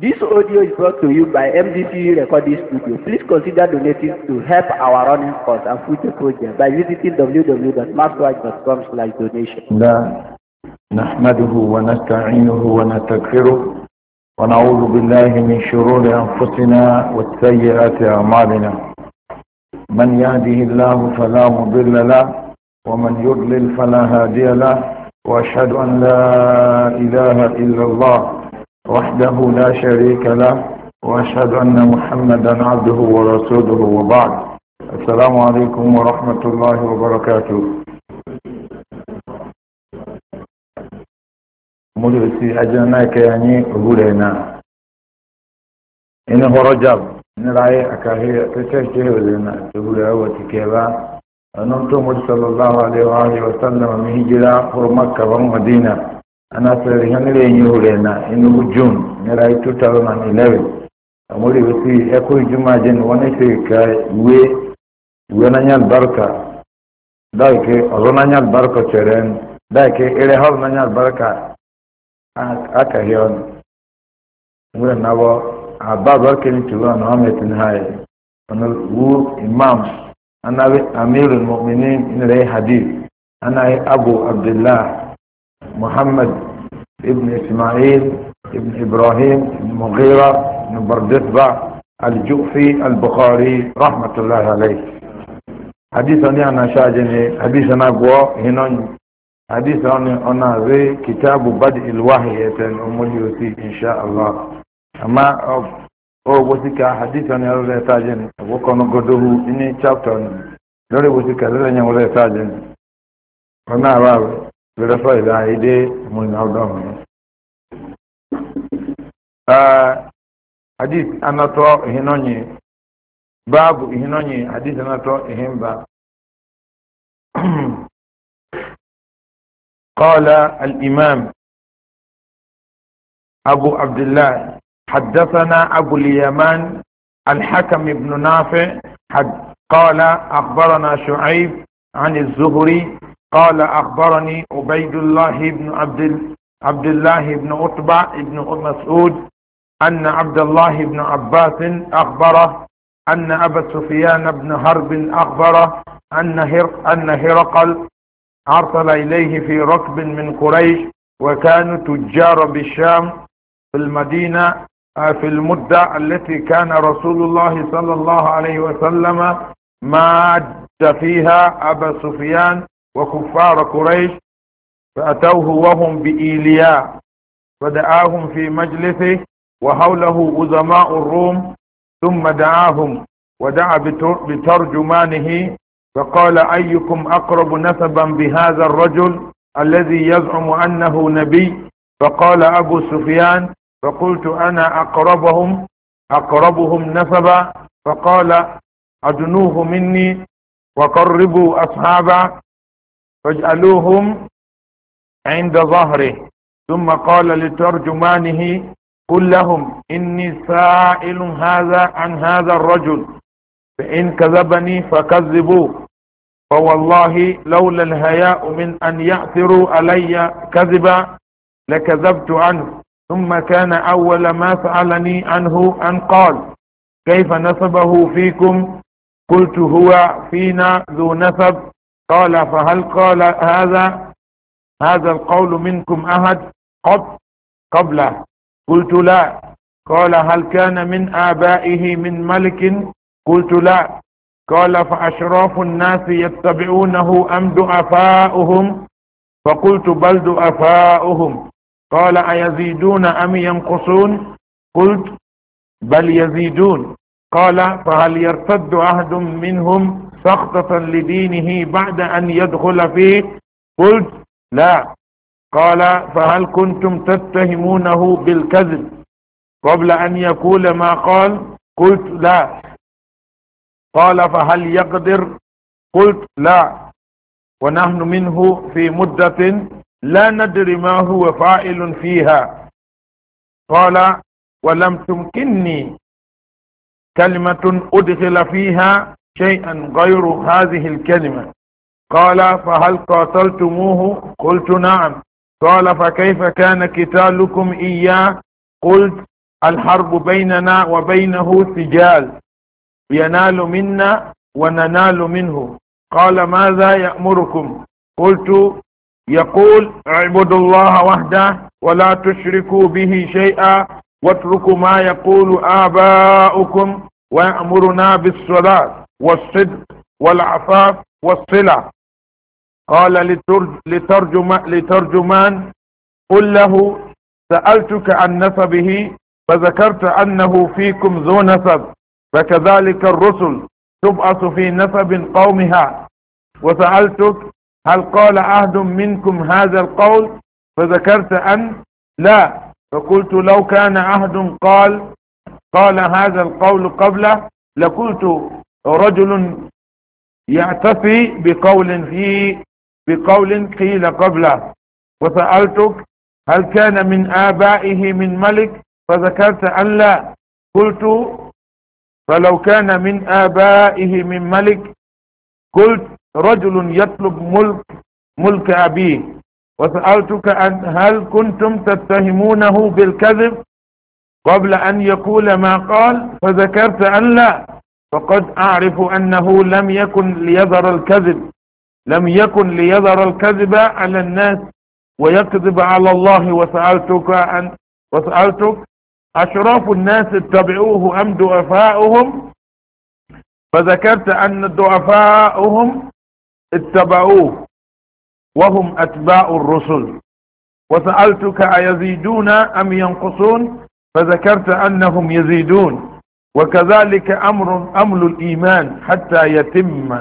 This audio is brought to you by MDCU Recording Studio. Please consider donating to help our running costs and future projects by visiting www.maskwatch.com slash donation. نحمده ونستعينه ونستغفره ونعوذ بالله من شرور أنفسنا وسيئات أعمالنا من يهده الله فلا مضل له ومن يضلل فلا هادي له وأشهد أن لا إله إلا الله وحده لا شريك له وأشهد أن محمدا عبده ورسوله وبعد السلام عليكم ورحمة الله وبركاته مدرسي أجناك يعني غورينا إنه رجب نرأي أكاهي تشهده وزينا تقول أوتي تكيبا أنتم صلى الله عليه وآله وسلم من هجرة مكة ومدينة anasere hangile yenyuhule na inugu june nera 2011 amuli wisi eku juma jen wanese ka we wenanyal barka dake ozonanyal barka cheren dake ile hol nanyal barka aka hiyon mure nawo abba barka ni tuwa na ametin haye ono wu imam anawe amirul mu'minin in re hadith ana abu abdullah محمد ابن إسماعيل ابن إبراهيم بن مغيرة بن بردسبع الجوفي البخاري رحمة الله عليه حديثنا أنا شاجني حديثنا نقوى هنا حديثنا أنا ذي كتاب بدء الوحي أموليوتي إن شاء الله أما أو وسيكا حديثنا أنا تاجن وكان قدوه إني شابتر لوري وسيكا لوري وسيكا لوري وسيكا لوري Lọ́fọ́ ìdá ìdé mo ní ọdọ́ mi. hadith anatọ ìhìnọ́nyì báàbù ìhìnọ́nyì hadith anatọ ìhìnba. قال الإمام أبو عبد الله حدثنا أبو اليمان الحكم بن نافع حد قال أخبرنا شعيب عن الزهري قال أخبرني عبيد الله بن عبد عبد الله بن عتبة بن مسعود أن عبد الله بن عباس أخبره أن أبا سفيان بن حرب أخبره أن هر أن هرقل أرسل إليه في ركب من قريش وكانوا تجار بالشام في المدينة آه، في المدة التي كان رسول الله صلى الله عليه وسلم ماد فيها أبا سفيان وكفار قريش فأتوه وهم بإيليا فدعاهم في مجلسه وحوله عظماء الروم ثم دعاهم ودعا بترجمانه فقال أيكم أقرب نسبا بهذا الرجل الذي يزعم أنه نبي فقال أبو سفيان فقلت أنا أقربهم أقربهم نسبا فقال أدنوه مني وقربوا أصحابا فاجعلوهم عند ظهره ثم قال لترجمانه قل لهم إني سائل هذا عن هذا الرجل فإن كذبني فكذبوه فوالله لولا الهياء من أن يأثروا علي كذبا لكذبت عنه ثم كان أول ما سألني عنه أن قال كيف نسبه فيكم قلت هو فينا ذو نسب قال فهل قال هذا هذا القول منكم أحد قط قبله قلت لا قال هل كان من آبائه من ملك قلت لا قال فأشراف الناس يتبعونه أم دعفاؤهم فقلت بل دعفاؤهم قال أيزيدون أم ينقصون قلت بل يزيدون قال فهل يرتد أحد منهم سخطة لدينه بعد أن يدخل فيه قلت لا قال فهل كنتم تتهمونه بالكذب قبل أن يقول ما قال قلت لا قال فهل يقدر قلت لا ونحن منه في مدة لا ندري ما هو فاعل فيها قال ولم تمكنني كلمة أدخل فيها شيئا غير هذه الكلمة قال فهل قاتلتموه قلت نعم قال فكيف كان قتالكم إياه قلت الحرب بيننا وبينه سجال ينال منا وننال منه قال ماذا يأمركم قلت يقول اعبدوا الله وحده ولا تشركوا به شيئا واتركوا ما يقول آباؤكم ويأمرنا بالصلاة والصدق والعفاف والصلة قال لترجم لترجمان قل له سألتك عن نسبه فذكرت أنه فيكم ذو نسب فكذلك الرسل تبعث في نسب قومها وسألتك هل قال عهد منكم هذا القول فذكرت أن لا فقلت لو كان عهد قال قال هذا القول قبله لقلت رجل يعتفي بقول في بقول قيل قبله وسألتك هل كان من آبائه من ملك فذكرت أن لا قلت فلو كان من آبائه من ملك قلت رجل يطلب ملك ملك أبيه وسألتك أن هل كنتم تتهمونه بالكذب قبل أن يقول ما قال فذكرت أن لا فقد أعرف أنه لم يكن ليظهر الكذب لم يكن ليظهر الكذب على الناس ويكذب على الله وسألتك أن وسألتك أشراف الناس اتبعوه أم ضعفاؤهم فذكرت أن ضعفاؤهم اتبعوه وهم أتباع الرسل وسألتك أيزيدون أم ينقصون فذكرت أنهم يزيدون وكذلك أمر أمل الإيمان حتى يتم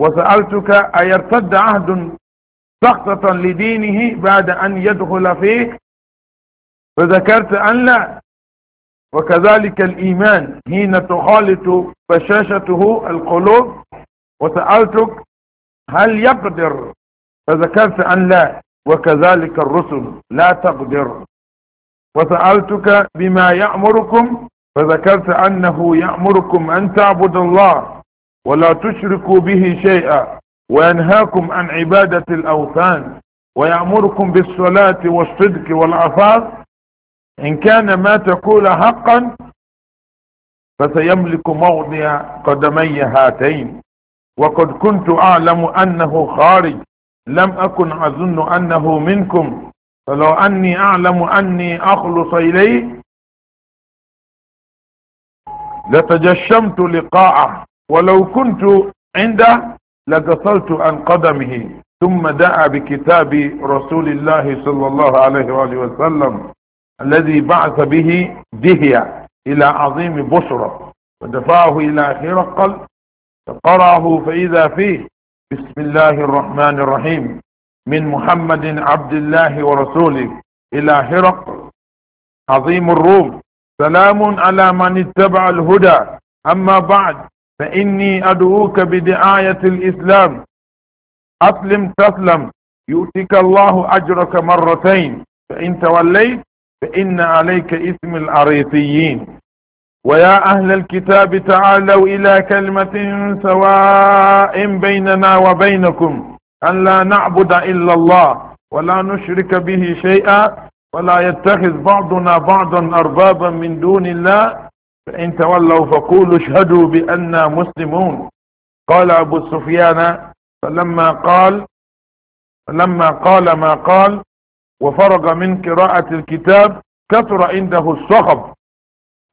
وسألتك أيرتد عهد سقطة لدينه بعد أن يدخل فيه فذكرت أن لا وكذلك الإيمان حين تخالط بشاشته القلوب وسألتك هل يقدر فذكرت أن لا وكذلك الرسل لا تقدر وسألتك بما يأمركم فذكرت أنه يأمركم أن تعبدوا الله ولا تشركوا به شيئا وينهاكم عن عبادة الأوثان ويأمركم بالصلاة والصدق والعفاف إن كان ما تقول حقا فسيملك موضع قدمي هاتين وقد كنت أعلم أنه خارج لم أكن أظن أنه منكم فلو أني أعلم أني أخلص إليه لتجشمت لقاءه ولو كنت عنده لقصلت عن قدمه ثم دعا بكتاب رسول الله صلى الله عليه وآله وسلم الذي بعث به دهيا إلى عظيم بشرة ودفعه إلى هرقل فقرأه فإذا فيه بسم الله الرحمن الرحيم من محمد عبد الله ورسوله إلى هرقل عظيم الروم سلام على من اتبع الهدى أما بعد فإني أدعوك بدعاية الإسلام أسلم تسلم يؤتك الله أجرك مرتين فإن توليت فإن عليك اسم الأريثيين ويا أهل الكتاب تعالوا إلى كلمة سواء بيننا وبينكم أن لا نعبد إلا الله ولا نشرك به شيئا ولا يتخذ بعضنا بعضا أربابا من دون الله فإن تولوا فقولوا اشهدوا بأننا مسلمون قال أبو سفيان فلما قال فلما قال ما قال وفرغ من قراءة الكتاب كثر عنده الصخب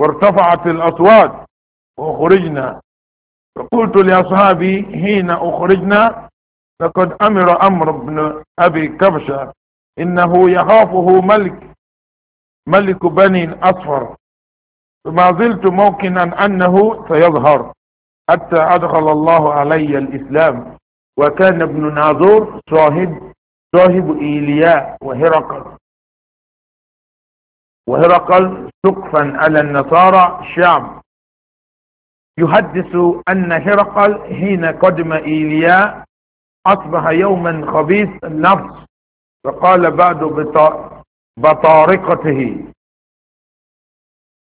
وارتفعت الأصوات وأخرجنا فقلت لأصحابي حين أخرجنا لقد أمر أمر بن أبي كبشة إنه يخافه ملك ملك بني الأصفر فما زلت موقنا أنه سيظهر حتى أدخل الله علي الإسلام وكان ابن ناظور صاحب صاحب إيلياء وهرقل وهرقل سقفا على النصارى شام يحدث أن هرقل حين قدم إيلياء أصبح يوما خبيث النفس فقال بعد بطارقته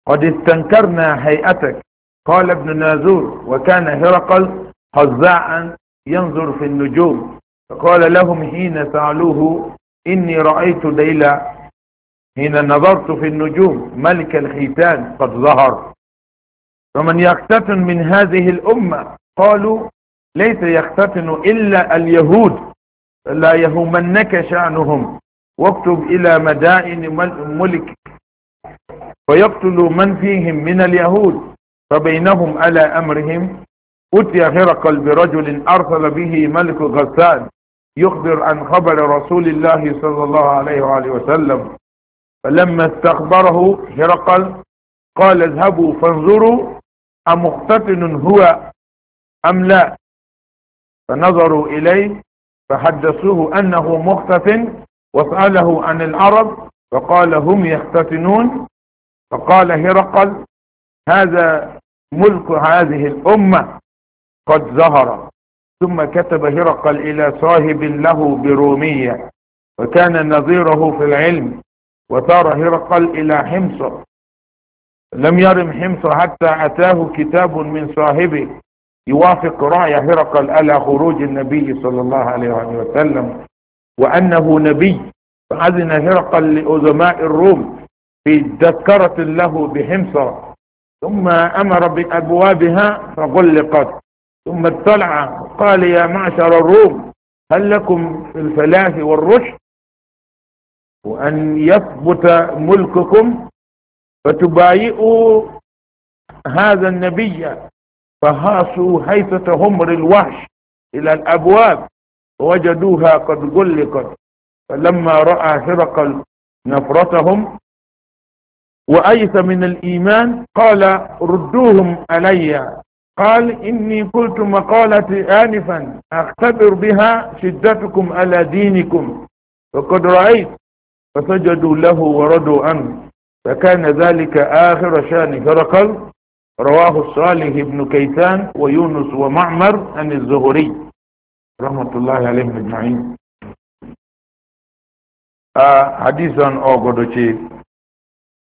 قد استنكرنا هيئتك قال ابن نازور وكان هرقل خزاعا ينظر في النجوم فقال لهم حين سألوه إني رأيت ديلا حين نظرت في النجوم ملك الختان قد ظهر ومن يختتن من هذه الأمة قالوا ليس يختتن إلا اليهود لا يهمنك شأنهم واكتب إلى مدائن ملك فيقتل من فيهم من اليهود فبينهم على أمرهم أتي هرقل برجل أرسل به ملك غسان يخبر عن خبر رسول الله صلى الله عليه وآله وسلم فلما استخبره هرقل قال اذهبوا فانظروا أمختتن هو أم لا فنظروا إليه فحدثوه أنه مختتن وسأله عن العرب فقال هم يختتنون فقال هرقل هذا ملك هذه الأمة قد ظهر ثم كتب هرقل إلى صاحب له برومية وكان نظيره في العلم وثار هرقل إلى حمص لم يرم حمص حتى أتاه كتاب من صاحبه يوافق رأي هرقل على خروج النبي صلى الله عليه وسلم وأنه نبي فأذن هرقل لأزماء الروم في تذكرة له بحمصة ثم أمر بأبوابها فغلقت ثم اطلع قال يا معشر الروم هل لكم في الفلاح والرشد وأن يثبت ملككم فتبايئوا هذا النبي فهاصوا حيث تهمر الوحش إلى الأبواب ووجدوها قد غلقت فلما رأى هرقل نفرتهم وأيس من الإيمان قال ردوهم علي قال إني قلت مقالتي آنفا أختبر بها شدتكم على دينكم وقد رأيت فسجدوا له وردوا عنه فكان ذلك آخر شان هرقل رواه الصالح بن كيسان ويونس ومعمر عن الزهري رحمة الله عليهم أجمعين آه حديثا أوغدوشي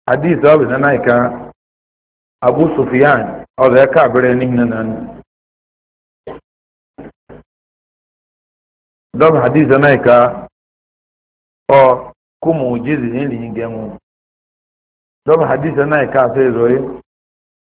حديث أبو زنايكا أبو سفيان أو ذاك عبرين هنا dɔb حديثا na او ɔ kumu jizi ni li ngemu dɔb hadiza na ka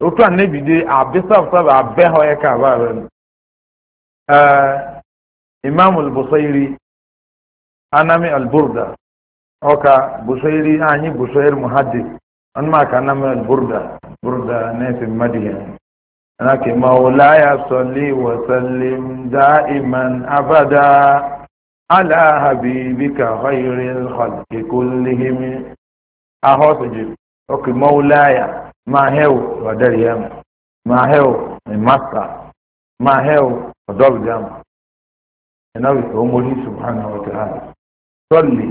otu a na-ebi de abisabsab abeho ya ka aba abenu imam al-busairi anami al-burda oka busairi anyi busair muhaddis an ma ka anami al-burda burda ne fi madiyan ana ke maula ya salli wa sallim da'iman abada ala habibika khairil khalqi kullihim ahoto ji oke maula ya máa hẹ́wò ọ̀dẹ́rì ẹ̀mù máa hẹ́wò ìmáta máa hẹ́wò ọ̀dọ́bìdì ẹ̀mù ẹ̀náwó ìfowópamọ́ subhanahu wa ta'ala sọ́ọ̀lì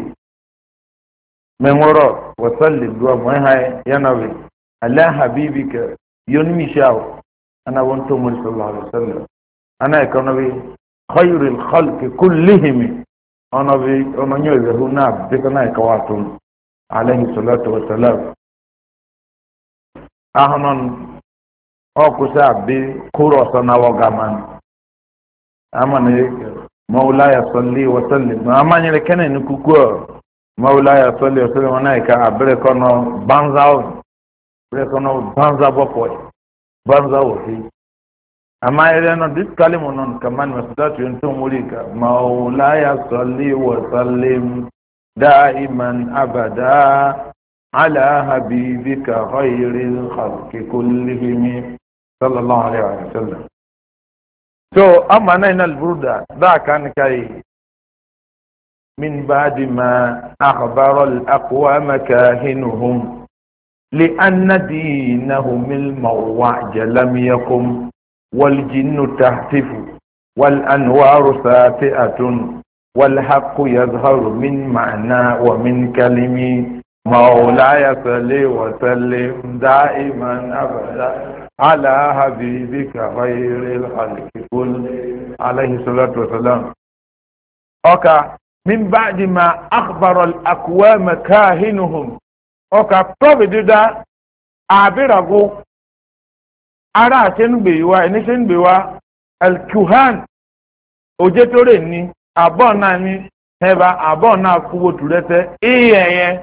mẹ́wọ́rọ̀ wọ́sọ́ọ̀lì dùwà mọ́ ẹ̀ha yánnàwé aláhàbíbí kẹ yónímìṣàwò anáwó tó mọ́ ìṣọ̀lá àlùsọ́lẹ̀ aná ìkànnàwé kọ́yìrì xọ́lùkì kú líhìmì ọ̀nàwé ọ̀nà yóò ìrẹ̀hún náà bí ahonon okusa bi kuro sana wogaman amane maulaya salli wa sallim amanye le kene ni kuko maulaya salli wa sallim ona ka abre kono banza abre kono banza bokoy banza wofi amma ile no dit kalimu non kaman masdatu yuntu mulika maulaya salli wa sallim da'iman abada على حبيبك خير الخلق كلهم صلى الله عليه وسلم so أما نين البرودة ذا كان كاي من بعد ما أخبر الأقوام كاهنهم لأن دينهم المواج لم يقم والجن تهتف والأنوار ساطئه والحق يظهر من معنى ومن كلمه مولاي صل وسلم دائما ابدا على حبيبك خير الخلق كل عليه الصلاه والسلام اوكا من بعد ما اخبر الاقوام كاهنهم اوكا بروبيدا ابيرغو ara senugbeyiwa ẹni senugbeyiwa alkuhan ojetore ni abọ náà ni hẹba abọ náà kúwo tùrẹsẹ ìyẹn yẹn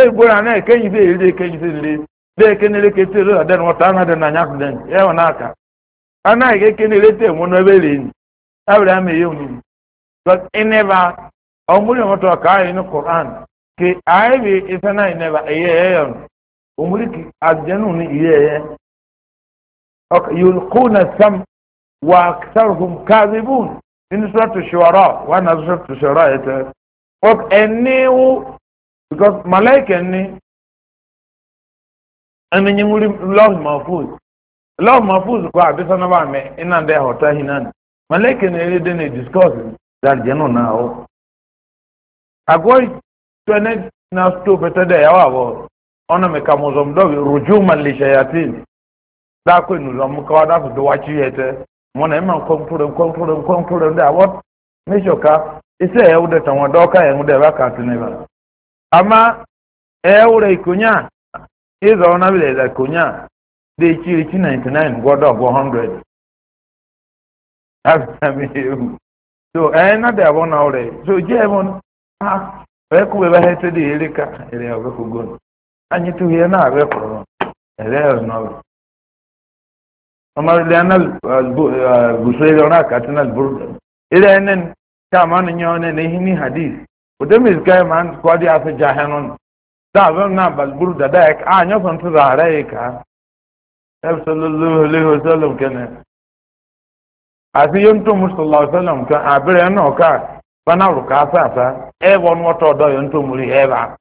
egboro ana ekenyi se eri ekenyi se eri de ekenere kete ero adan wata ana de na nyak den ewa na aka ana ege ekenere te mu no ebere ni abere ama eye oni but eneva omuri omoto ka ayi no quran ke ayi bi isana eneva eye eye omuri ki ajenu ni eye eye ok yulquna sam wa aktharuhum kadhibun in suratu shuara wa na suratu shuara ete ok eniwu because malaika ni ẹni nyi wuli lọọhi mahfuz love mahfuz kọ abisa na baa mẹ ina ndẹ ọta hinan malaika ni ẹni na discuss that jẹ nọ naa o agoi twene na sto pẹtẹ dẹ yawa wọ ọna mi ka mọzọm dọbi rojo malisha yatin dako nuzọm kawa na ka a ne ba. ama ewure ikonya ịzọ ọ nabịa ịza ikonya dị chiri 99 gwọdọ gwọ 100 abịamịrị so ee na dị abụọ na ọrịa so je ebe ha wee ebe ha ete dị ere ka ere ya anyị tụghị na abịa kọrọ ere ọ ọmarịlị ana ọrụ akatị na ka amanụ nye ọnụ na udemis kai man kwadi asu jahanun da zan na balbur da da a anyo son tu zare ka nabi sallallahu alaihi wasallam kana asi yonto musallallahu alaihi wasallam ka abire no ka bana ruka sa sa e won woto do yonto muri e ba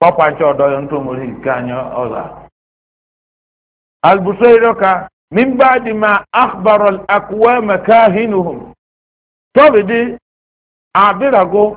papa ncho do yonto muri ka nya oza albusayro ka min ba'di ma akhbara al aqwam kahinuhum tobidi abirago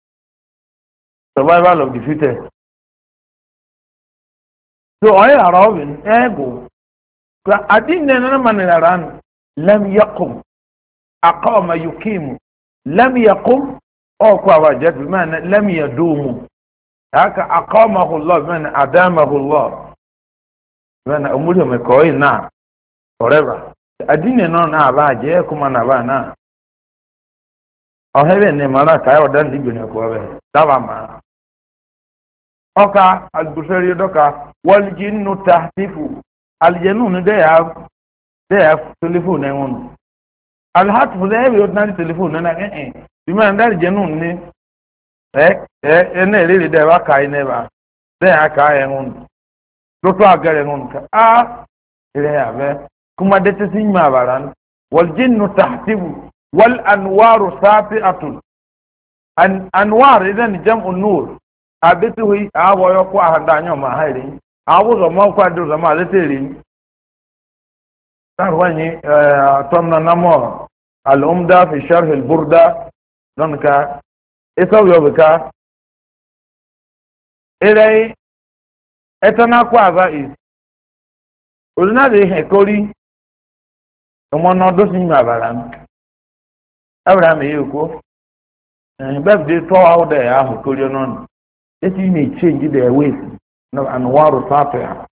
survival of the fittest. So oye arabin ego ka adin ne nan man ran lam yaqum aqama yuqimu lam yaqum o oh, kwa wajat bi man lam yadumu haka aqamahu Allah man adamahu Allah man umuri me koi na forever adin ne non na ba je kuma na ba na ọhẹrẹ ní mara kàá ọdá ní ìgbìyànjú ẹkọ rẹ dábàá dawa ọkà ọka dọ́kà dọka nínú ta tífù àlìjẹ̀nù ní dẹ́yà dị ya ẹ̀wọ̀n nù. alhatifu na bí o ti náà ní tẹlifóònù náà ẹ̀ na bí mẹ́rin dá àlìjẹ̀nù ní ẹ ẹ ẹ náà èrè dẹ́yà bá kàá ka taa والأنوار ساطئة أن أنوار إذا جمع النور أبته أبو يقوى أحد عنهم أهيري أبو زمان قادر زمان لتيري تروني أتمنى نمو الأمدة في شرح البردة ذنك إسو يوبك إلي أتناكو أبائي Òdúnà lè hẹ̀kórí ọmọ náà dọ́sìn ìgbà bàrà mi. abraham eyekwo birthday tọ ahụ dị ahụ torie n'ọnụ esi na-echenji the ways na anwaru anụwarụ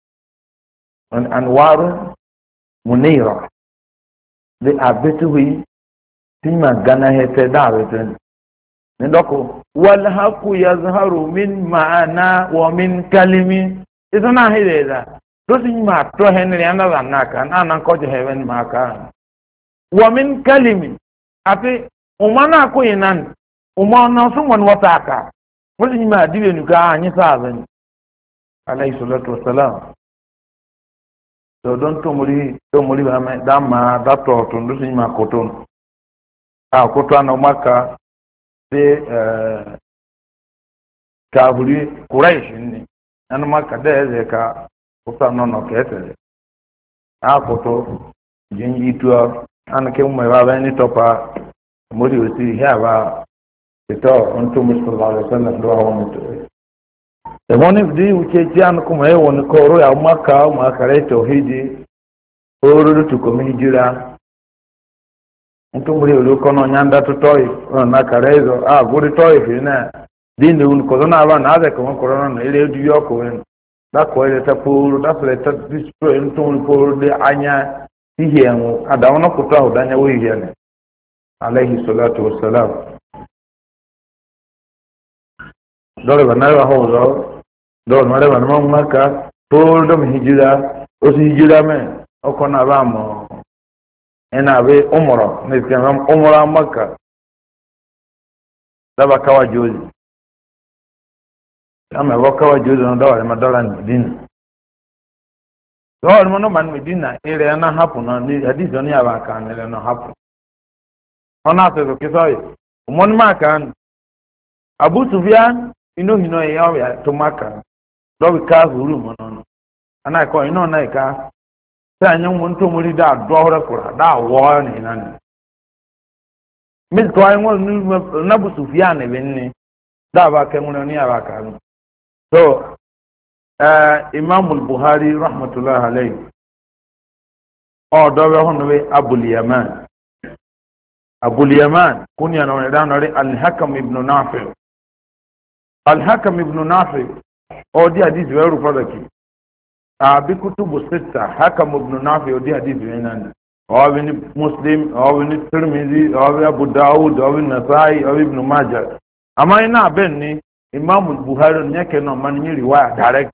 anwaru munira the abetiwi tima gana daritin dawetin nidoko walhaku yazharu min ma'ana wa min kalimi ito na ahịrị ịda tosi ma atọ henry anara n'aka na ana nkọji heaven ma aka wa min kalimi ati ụma na-akụghị na ụma ọnọsụ nwanne wata aka wọ́n sì ní máa dìbò anyị anyi sáàbẹ̀ ni alayhi salatu wasalam dọ̀dọ̀ ntòmórí ntòmórí bá mẹ dàmà dàtọ̀ ọ̀tún ló sì ní máa kótó ka. àkótó àná ọmọ ká anake ke mu ba ni topa muri usi ha ba ito onto musallallahu mutu di uke ti kuma e woni ya maka ma kare tauhidi oro tu ko mi jira muri olo ko nyanda na a guri toy fi na din na ba na de korona na da ta puru da puru ihe ya nwụ ahụ danya ihe ya alaihi salatu wa salam dɔlɔ ba nara hɔ zɔ dɔlɔ nara ba nama ŋma ka tóor dɔm hijira o hijira mɛ o na ba mɔ ɛna a bɛ umrɔ ne maka daba kawa ozi ama kawa na dɔwɛrɛ dɔla lọ́wọ́ ni di na ilẹ̀ na náà na náà ní ẹ̀díjọ́ ní àbá kan ilẹ̀ náà hapù. wọ́n náà sọ̀rọ̀ kí sọ́ọ̀yì ọmọdé máa kan abu sufia inú hinọ ẹ̀yà ọ̀rẹ́ tó máa kan lọ́wọ́ ká hùrù mọ́ náà aná ẹ̀kọ́ iná náà ẹ̀ka tí a nyẹ́ wọn tó mú rí dáa dọ́ọ̀rẹ́ Uh, imam buhari rahmatullah alayhi ọdọ bẹ hàn wẹ abulyaman abulyaman kúnyà náà wọn dáná rẹ alhakam ibn nafi alhakam ibn nafi ọdí àdìsí wẹrù fọdọkì àbí kutubu sita hakam ibn nafi ọdí àdìsí wẹrù náà ọbẹ ní muslim ọbẹ ní tirimizi ọbẹ abu dawud ọbẹ nasaayi ọbẹ ibn majah àmọ́ iná abẹ́ ni imam buhari ní ẹ̀kẹ́ náà máa rìwáyà direct.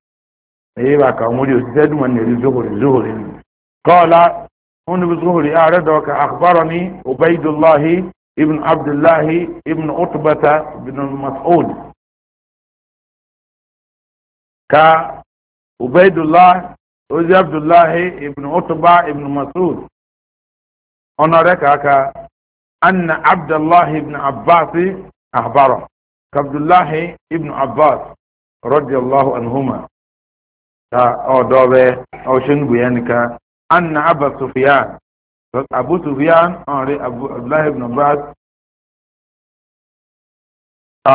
ايه بقى كامولي سيد من الزهري الزهري قال هون بالزهري اعرضك اخبرني عبيد الله ابن عبد الله ابن عتبة بن مسعود ك عبيد الله وزي عبد الله ابن عتبة ابن مسعود انا ركعك ان عبد الله ابن عباس اخبره كعبد الله ابن عباس رضي الله عنهما ka ọdọọbẹ ọṣẹnubuyanika anna abba sufiyan abu sufiyan ọrẹ abdullahi ibn abbas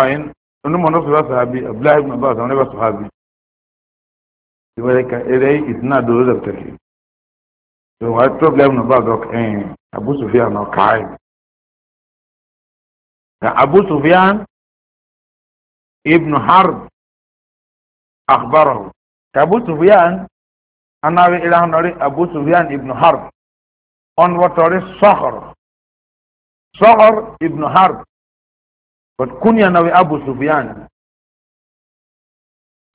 ọyìn onímọ̀nà sọ̀rọ̀ sàbí abdullahi ibn abbas ọ̀rẹ́ bá sọ̀hábí ìwẹ̀rẹ̀ ka eré ìtìná dòró dàbẹ̀tẹ̀kì tó wà tó abdullahi ibn abbas ọ̀kẹ́yìn abu sufiyan ọ̀kàáyì ka abu sufiyan ibn harb akhbarahu abu sufyan anawe ila hanori abu sufyan ibn harb on watori sohor sohor ibn harb but kunya nawe abu sufyan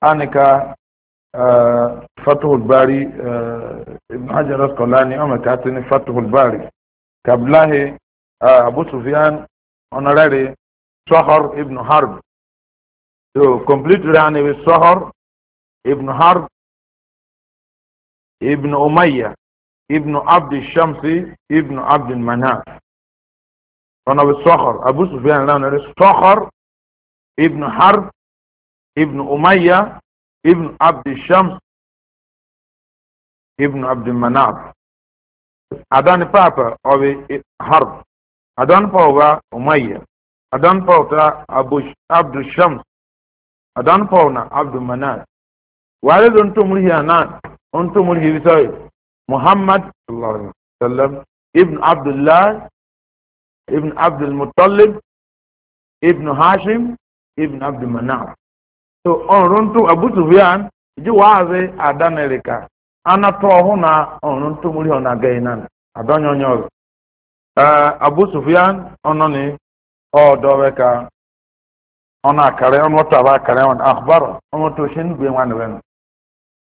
anika آه فتح الباري آه ابن حجر الاسقلاني اما تعتني فتح الباري كابلاه آه ابو سفيان اونراري سهر ابن حرب to complete راني بالسهر ابن حرب ابن أمية ابن عبد الشمس ابن عبد المناف أنا بالصخر أبو سفيان لأنه الصخر ابن حرب ابن أمية ابن عبد الشمس ابن عبد المناف أدان بابا أو حرب أدان بابا أمية أدان بابا أبو عبد الشمس أدان بابا عبد المناف wàhálà ló ń tó múlì yìí muhammad ibn abdullahi ibn muttalib ibn hashim ibn abdul manaf so ọ̀run tó abusufiyan ji wàhálà àdánirika anatọ ọhún na ọ̀run tó múlì ọ̀nà gẹ̀yìn náà àdányọ̀nyọ̀ rẹ̀ abusufiyan ọ̀nà ni ọ̀ọ́dọ̀wẹ̀ ká ọ̀nà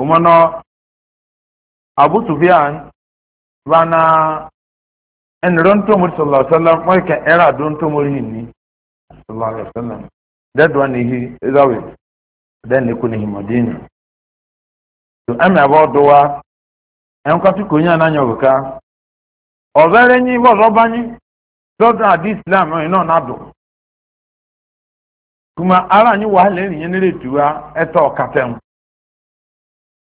umono abu sufyan bana eniron to muri sallallahu alaihi wasallam era don to muri sallallahu alaihi wasallam that one he is away then ne kuni madina to am about doa en ka tu kunya na ka obere ni bo roba islam no na do kuma ara ni wa le ni eto katem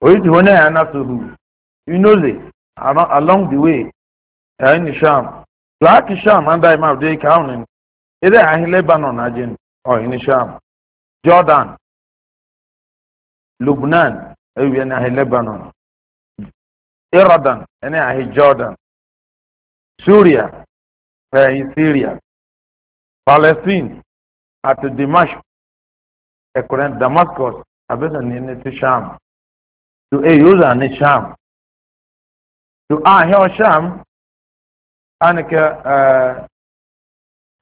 oyizi hone ya na sohu inoze along the way ya ni sham to aki sham and i mouth dey counting ere ahi lebanon ajin or in sham jordan lubnan ewie na ahi lebanon iradan ene ahi jordan syria ehi syria palestine at dimash ekore damascus abesa ni ne ti sham to a user ni sham to a hewa sham anaka آه،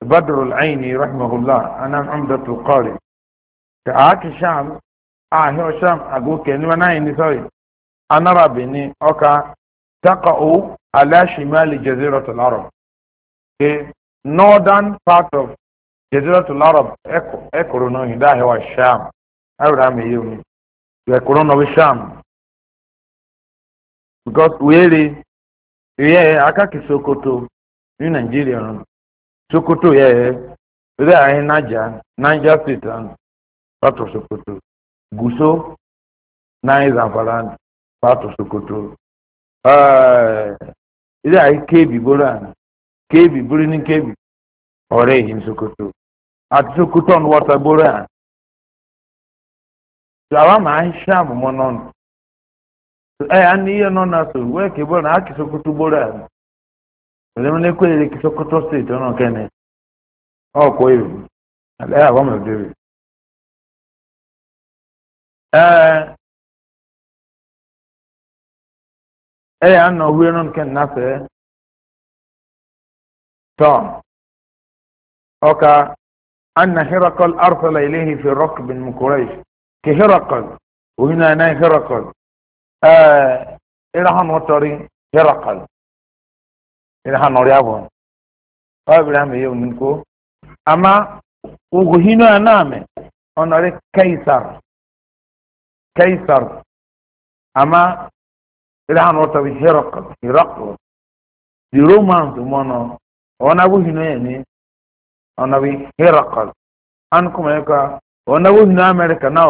بدر العيني رحمه الله انا عمدة القارئ كعاك الشام اه هو الشام اقول كلمة نايني سوي انا رابيني اوكا تقع على شمال جزيرة العرب the northern part of جزيرة العرب اكو اكو نوهي ده هو الشام اورام يومي يكونون بالشام because were ye akaki sokoto ni nigeria no sokoto ye were ahi naija naija state and part sokoto guso na zamfara sokoto ilé uh, ahi kebi boro anyị kebi buru ni kebi ọrẹ yìí sokoto àti sokoto ọ̀nù wọ́tà boro anyị tí àwọn máa ń ṣàmùmọ́ náà. ee anyị ihe nọ na so wee kebụrụ na akị sokoto gboro ahụ ọdịm na ekwenyere ki sokoto steeti ọ nọ kene ọkwa iwu ala ya agwa mebiri ee ee anọ hue nọ nke nnafe tọn ọka أن هرقل أرسل إليه في ركب من قريش كهرقل وهنا أنا هرقل ịraha na ụtọrị herakal ịraha na ọrịa bụ ọbịrị ama ya onukwu ama ugwu hinu a na-amị ọnọrị kaisar kaisar ama ịraha na ụtọrị herakal herakal the romans mọnọ ọnabụ hinu ya ni ọnọrị herakal an kuma ya ka ọnabụ hinu amerika na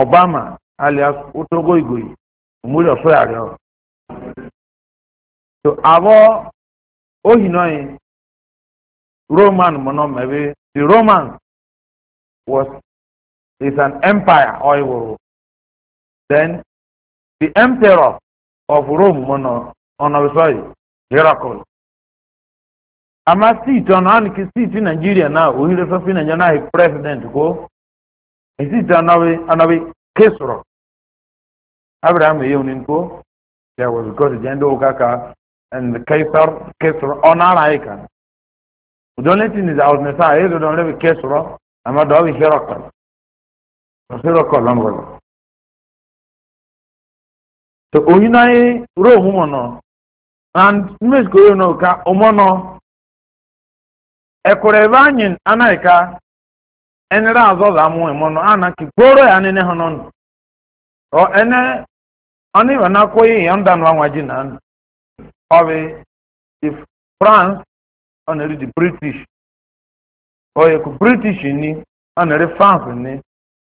obama alias otogo múlò fún àárẹ̀ tó àwọ̀ òhìnà yìí roman mọ̀nà mẹ́bí the roman was is an empire ọ̀ìwòrò then the emperor of rome mọ̀nà ọ̀nà ìsọ̀yì heracle. àmà síìtì ọ̀nà ànìkì síìtì nàìjíríà náà òhìnrẹ́fẹ́fẹ́ nàìjíríà náà president kó èsì ìtì ọ̀nà wí kẹsùrọ̀. abraham yau nin there was god jende o kaka and the kaisar kaisar onara ikan don't let in is out nesa he eh, do don't let kaisar ama do wi hirakal hirakal lan wala to oyina ro mu mono and mes ko no ka omono e kore vanyin anaika enra azoza mu e mono ana ki goro ya ne ne ọ ene ọnụ ịwa na-akwụ ihe ya nda nwa ji na ndụ ọ bụ the france ọ na-eri the british oye ku british ni ọ na-eri Frans ni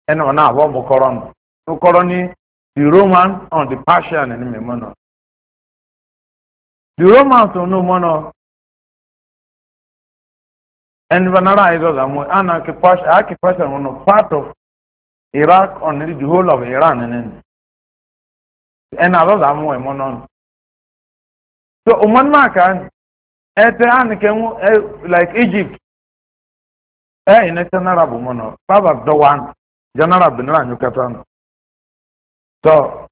ene ọ na-abụ ọmụkọrọ nọ ụkọrọ ni the roman on the persian ni mmemme nọ the romans nọ n'ụmụ nọ ẹni bá nara ayé dọ́là mú ẹ ana kí persian nọ part of Iraq on the whole of Iran and then and others are more So Oman Makan Etehan came eh, like Egypt. Eh, in a Arab woman, Baba Dowan, General So,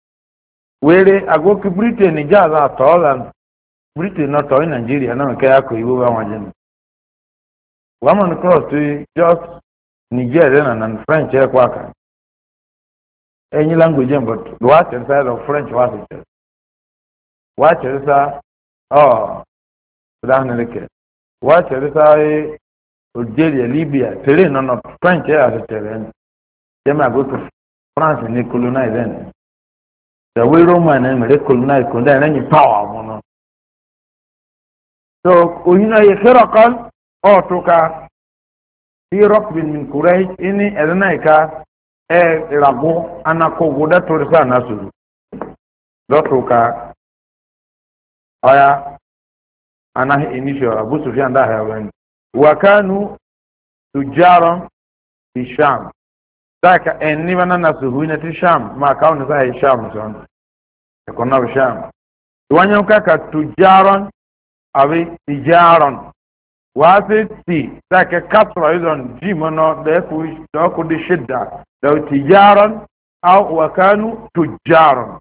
where I go to Britain, Nijaz at all, and Britain not in Nigeria, no, Kayako, you were one. Woman cross to just Nigeria and French eh, air quacker. any language but what inside of French was it? What is that? Oh, Sudan like what is that? Algeria, Libya, Peru, no, no, French as it is. They might go to France and they colonize them. The way Roman and they colonize, condemn any power, no. So, you know, Heracle or Tuka, he rocked with Quraysh, any Adanaika, e rago ana ko guda to risa na su zato ka aya ana initial abu sufyan da hayawan wa kanu tujaran fi sham ذاك اني وانا نسوينا في شام ما كان زي شام سون كنا في شام وانيو كاكا تجارا او تجارا واسي تي ذاك كثر ايضا جيمنا ده كوي ده كودي شده لو تجارا أو وكانوا تجارا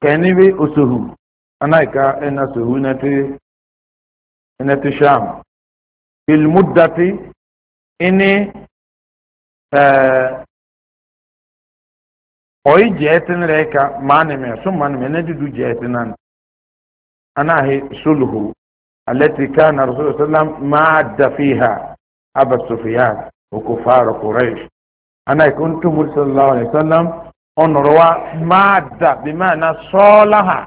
كاني بي أسهو أنا كا إن أسهو نتي نتي شام في المدة إني أي آه، جهتن ريكا ماني نمي سم ماني مي نتي دو أنا هي سلهو التي كان الرسول صلى الله عليه وسلم ما عد فيها أبا سفيان وكفار قريش ana ikuntu muhammad sallallahu alaihi wasallam onorowa maada bimaana solaha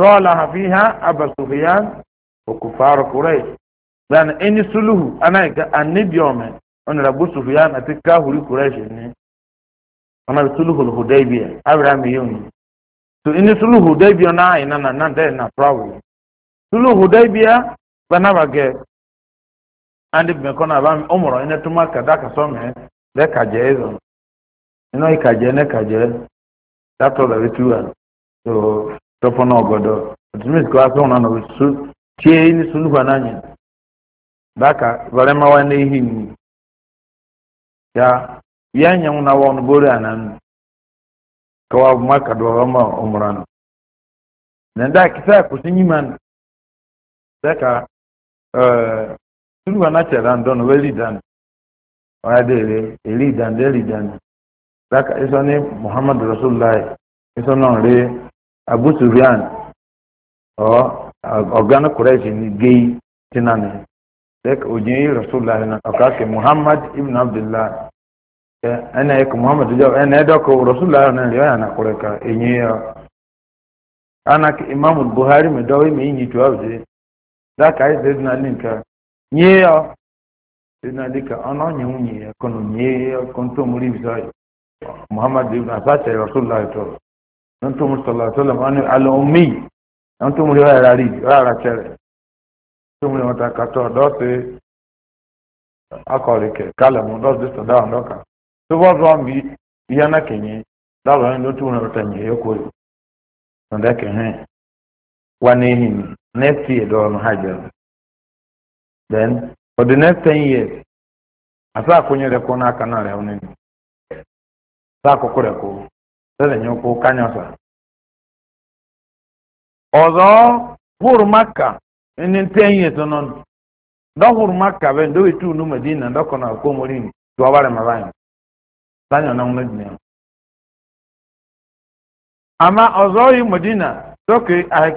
solaha fiha abu sufyan wa kufar quraish na eni suluhu ana ga na onora abu sufyan ati kahuri quraish ni ana suluhu hudaybiyah abraham yoni so eni suluhu hudaybiyah na ina na na de na problem suluhu hudaybiyah banabage andi mekona ba umro ina tuma lẹ́kàjẹ́ ìzọ̀ iná ìkàjẹ́ lẹ́kàjẹ́ látọ̀ lọ́wọ́ tí wà tó tọ́fọ́ náà gbọ́dọ̀ ọ̀túnmísì kọ́ asọ́ ọ̀nà ọ̀nà tó tiẹ́ ní sunúfà náà yẹn dáka ìbárẹ́máwá ní ihi nìyí ya yẹn yẹn na wọ́n bórí àná nù kọ́wá má kàdọ́ ọmọ ọmọra nù nàdá kìsà kò sí yìí mánu dáka ẹ̀ sunúfà náà tẹ̀ dáńdọ́ nù wẹ́lì wọ́n dé rè èrí ìdáná èrí ìdáná dáka ẹ̀sọ́ ní muhammad rasulillah ẹ̀sọ́ náà rè abu ryan ọ̀ ọ̀gánà kùrẹ́sì ní géyì náà ọ̀ká muhammad ibn abdullah ẹ̀nà ẹ̀kọ́ muhammad jọ ẹ̀nà ẹ̀dọ́kọ̀ rasulillah náà rè ọ̀yà ka ká ẹ̀yìn ana imam buhari mi dọ́wọ́ mi yìí nyìtú ọ̀bẹ dáka ẹ̀sẹ̀ ina dịka ọnụ onye nwunye ya kọnụ nye ọkụ ntomori bisai muhammad ibn asacha ọ tọrọ ntomori sallallahu alaihi wasallam anu ala ummi ntomori rara ri rara kalamu dọsi sada ọdọka tubu ọzọ mbi ihe na kenye nye ya kwuru nda wa n'ehi ni next ha then for the next ten years asa akwụnyere kwụ n'aka na rịa onye akụkụ rịa ụkwụ kanyọsa ọzọ hụrụ maka ndị ten years nọ dọ hụrụ maka bụ ndị wetu unu medina ndọkọ na akwụkwọ omori tụọ ọbara na ama ọzọ yi medina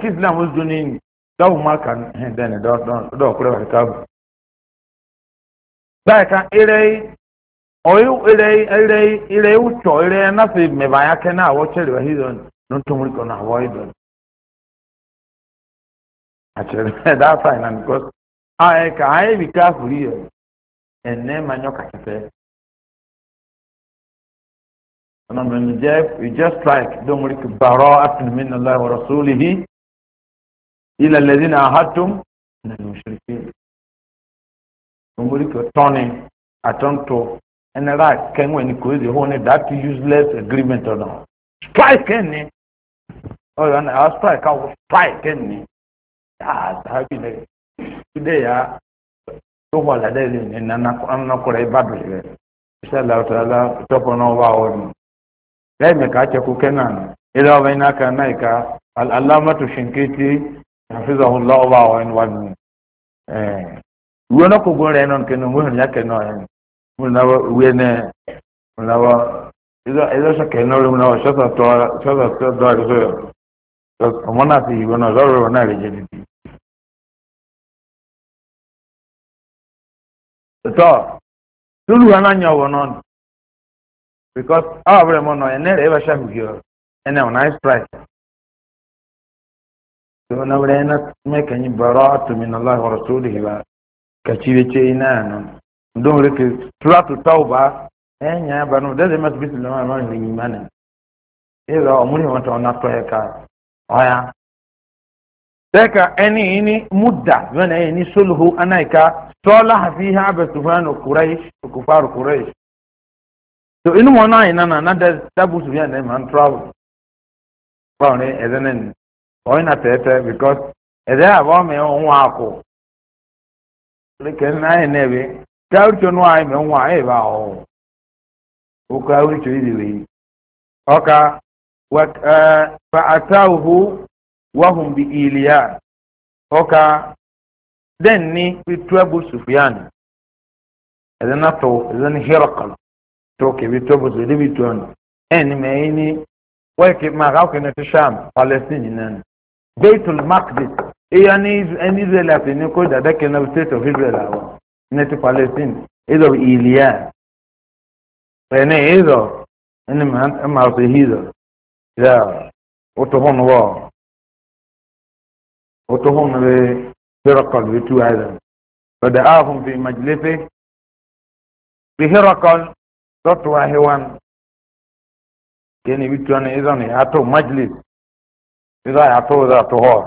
islam ozu maka ndị Daika ilai oyu ilai ilai ilai ucho ilai nasi mebaya kena awocheli wa hizo nutumuliko na avoido. Actually, that's why I'm because I can I be careful here and name manyoka kafe. And when you just, you just strike, don't worry, براءة من الله ورسوله إلى الذين عاهدتم من المشركين. omori ko tɔni atɔnto ɛna ra kɛnwɛ ni ko ezi hɔn ni that useless agreement ɔnɔ strike ɛni ɔyɔ na awa strike awo strike ɛni aa sahabi ne today ya tó wà ládé yìí ni nanakɔrɔ yìí bá bèrè rẹ sɛlɛ ɔtala tɔpɔ náà wà wɔ nù lẹ́yìn mi kà á kyɛkú kẹ́nà ilé ɔbɛ yìí n'aka náà yìí ká alámàtò sinkiti àfihàn lọ́wọ́ wà wɔ nù wà nù ɛɛ. uwe na kogo re non kenu mu ya ke no en mu na wa uwe ne mu na wa ido ido sa ke no mu na wa sa sa to sa sa to do ri so so mo na ti uwe na zoro na ri je ni to tulu ana nya wo non because ah bre mo no ene re ba sha hu yo ene on nice price so na bre na me kan ni bara'atu min Allah wa rasulihi wa kachibe che ina no don reke suratu tauba enya banu dede mas bisu na ma ni imana ila e omuri wata ona to heka oya teka eni ini e mudda wana eni sulhu anaika tola fiha basufan quraish kufar quraish to e inu ina na na da tabu su yana man travel ba ne tete because ede abo me onwa lẹ́kẹ̀ẹ́ náà ẹ̀ nẹ́ẹ̀bẹ̀ káwùrìtò nù àyè mẹ́ ń wà ẹ̀ bá ọ̀ ó káwùrìtò yìí lè ọkà fa àtàwùhù wàhùn bí ìlìyà ọkà dẹ́n ní pítúwẹ́bù sùfìyàn ẹ̀dẹ́ náà tó ẹ̀dẹ́ ní hírọ̀kàl tó kẹ̀bi tó bọ̀ sọ̀dẹ́ bí tó ọ̀nà ẹ̀ ní mẹ́ ẹ̀ ní wọ́n kì máa káwùkẹ́ ní ti sàm palestine náà bẹ́ẹ̀tùl makdis. iya ni ẹni israeli àti ní kó dàda kẹna state of israel àwọn ní ti palestine ìzọ ìlíà ẹni ìzọ ẹni màá sọ èyí ìzọ ìyá òtò hàn wọ òtò hàn rẹ herakal rẹ two island lọdà áàfin fi màjìlẹ́fẹ́ fi herakal lọ́tọ̀ ahewan kẹ́ni ibi tí wọ́n ní ìzọ ni àtọ̀ majlis ìzọ àtọ̀ ìzọ àtọ̀ hall.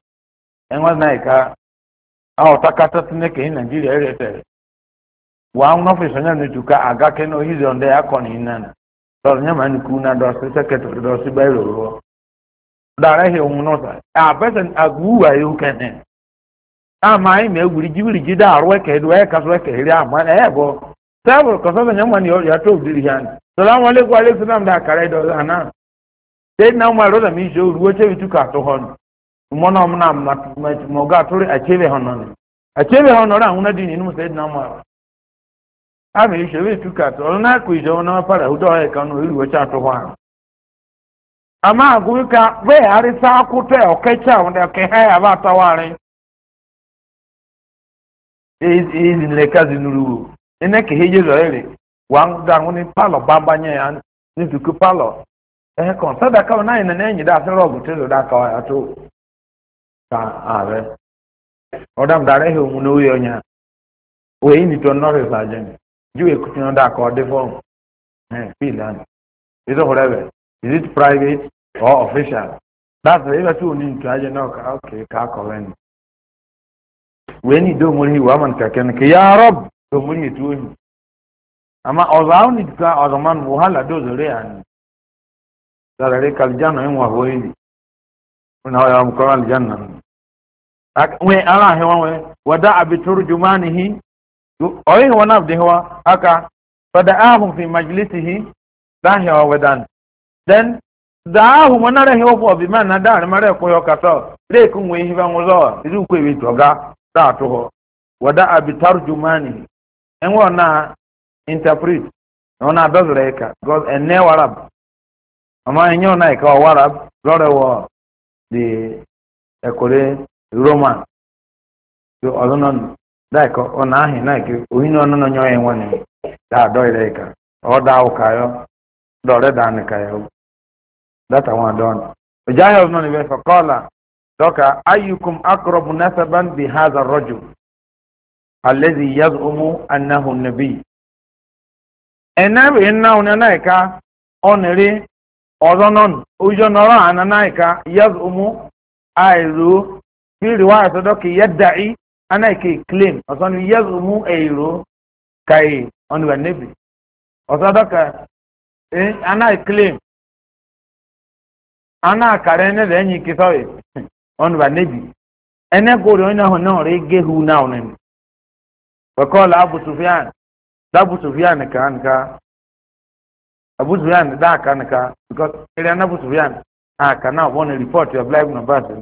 enwe na ka ahụtakata tineke naijiria eretere wa nọfis onye netuka aga ke na ohizi ndị ya kọ na inana nye ma nnuku na dọsị sekretọrị dọsị bairo rụọ dara ihe onwe a pesin agwuwa ihu kene anyị ma egwuri jibiri jide arụ eke edu ya iri ama na ya bụ ya mɔna mɔna mɔga tori akyebe hɔ nɔni akyebe hɔ nɔri ahuna di ninu sɛ ɛdina mɔa ama ehyɛ ebi tu kati ɔno n'akɔ ehyɛ wɔn n'afa na ɛhudu ɔyɛ kan n'oyiri wɔ kyɛ ato hɔ ka bɛyɛ arisa ɔkɛkyɛ a eyi nuru ɛnɛ da ni palɔ bamba nyɛ ya ne palɔ sadaka nana abe ọdam dara ihe omume oyi ọnya wee nito nọrọ sajen ju ekuti na ọda ka ọ dị fọm fil an ịzụ hụrụ ebe is it private or official that's the ịbata onye ntu aje na ọka oke ka akọrọ ẹni wee nido omori iwu ama nka kene ka ya rob omori etu oyi ama ọzọ ahụ nitika ọzọ man wahala dozore ya ni zarare kaljano ịnwa hoyi na ọ ya mkọrọ aljanna we ala hewa we wada abitur jumanihi oyi wana abdi hewa aka fada'ahum fi majlisihi da hewa wedan then da'ahum wana re hewa fo bi man na da mare ko yo kato re ku we hiba ngulo iru ku bi toga da to ho wada abitur jumanihi en wana interpret ona dozreka god enne warab ama enyo na ka warab lore wo the ekore roman so ọdún náà dáìkọ ọ̀nà ahìn náà kí oyin náà nínú ọyàn na ni dáadọ́ ilẹ̀ ìka ọ̀dà ọ̀ka yọ dọ̀rẹ́ dànù ka yọ dátà wọn àdọ́ ni. ìjà yọ̀ ọ̀dún náà níbẹ̀ fọkọ́ọ̀là dọ́kà ayukum akọrọ̀bù nasaban bi haza rọ́jò na fi riwaya to do ana ki claim o so ni yazmu eiro kai on wa nabi o so eh, claim ana karene de nyi ki sawe on wa nabi ro na onen wa qala abu sufyan da aka ka because ere abu sufyan ah kana one report of life number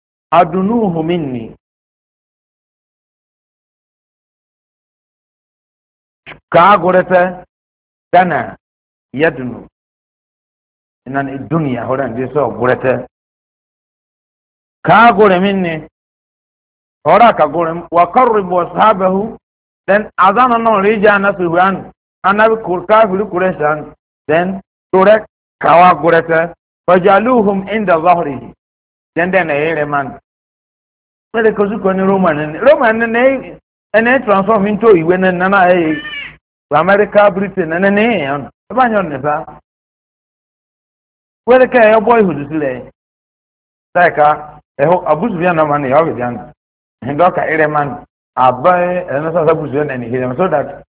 أدنوه مني كاغورتا دنا يدنو إن الدنيا هوران دي سو غورتا كاغور مني هورا كاغور وقرب وصحابه then azan ono rija na su huan anabi kurka fili kureshan then tore kawa gureta fajaluhum inda zahrihi dende na yere man wele ko zuko roman roman ne ene transform into iwe na na e america britain na ne on e ba nyon ne ba ka yo boy hudu sile saika e ho abuzu bia na man ya we dan ndo ka ere man abai ene sa sa buzu na ni hire so that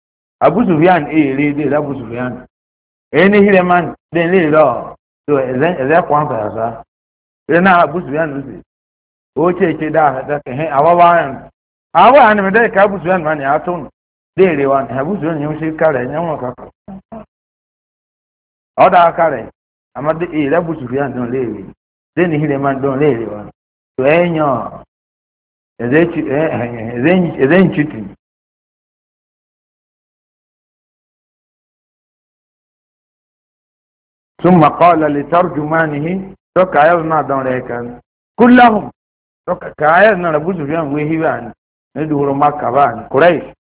abuzu bia na e re de abuzu bia na ene hire man den le ro so e e idan na abu su yan o ce ce da da kan hin awa bayan awa an me da ka abu su yan mani atun de rewa ne abu su yan shi kare yan wa ka o da kare amma de e da abu su yan don lewe de ni hile man don lewe wa to enyo ezechi eh ezenchi e, e ezenchi tin ثم قال لترجمانه to kaya na don re kan kullahum to kaya na rabu zubiyan we hiwan ne duro makka ba quraish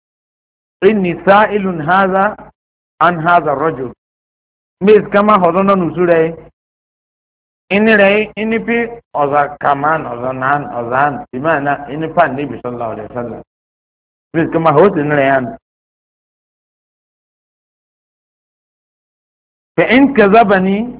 inni sa'ilun hadha an hadha rajul mis kama hodono nusure inni re inni pi oza kaman oza nan ozan imana inni pan ni bi sallallahu alaihi wasallam mis kama hot inni re an fa in kazabani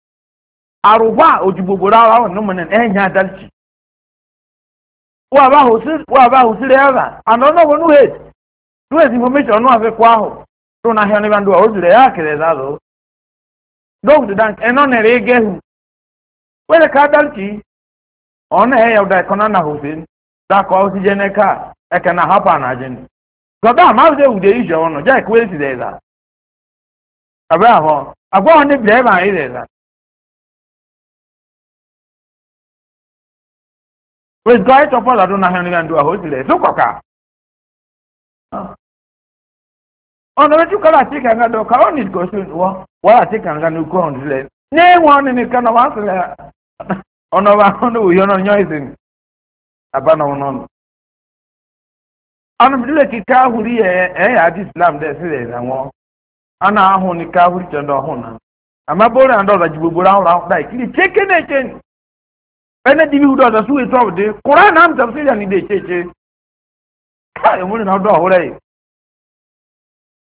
aruba ojugbogbo rara ọ̀nà mọ̀nà ẹ̀yìn adalci wà bá hù sí rẹ́ẹ̀rà àná náà wọnú hate tó information ọ̀nà àfẹ́kọ́ ahù tó náà hẹ́ọ́ níbàndó àwọn òjìrẹ́ yà kẹrẹ lázọ dókítà dank ẹ̀nà nẹ̀rẹ̀ gẹ́hù wẹ́rẹ̀ ká adalci ọ̀nà ẹ̀yà ọ̀dà na náà Oyiga ịtọ pọl adọ n'ahịa onye ndụ ahụ osiri etu kọka. Ọ̀nà wetu kọ́lá àti kànga dọ̀ ká ọ̀nì kò sí wọ́ wọ́n àti kànga ní ukú ọ̀hún sílẹ̀. Ní ìwọ̀n ọ̀nì ní kánà wọ́n sílẹ̀ ọ̀nà wa ọ̀nà òyìn ọ̀nà yọ̀ ìsìn àbánà ọ̀nà ọ̀nà. Ọ̀nà ìdílé kí káhùrí ẹ̀ ẹ̀ yà àti Islam dẹ̀ sílẹ̀ ìrànwọ́. Ọ̀nà ahùn ní ana tẹ̀ ọ̀hún náà. Àmọ́ bóra àndọ̀ ɛna dibi wudu ɔda so etɔ de koraa nam tafsir ya ni de kyekye kaa emu na ɔdɔ ɔhorɔ yi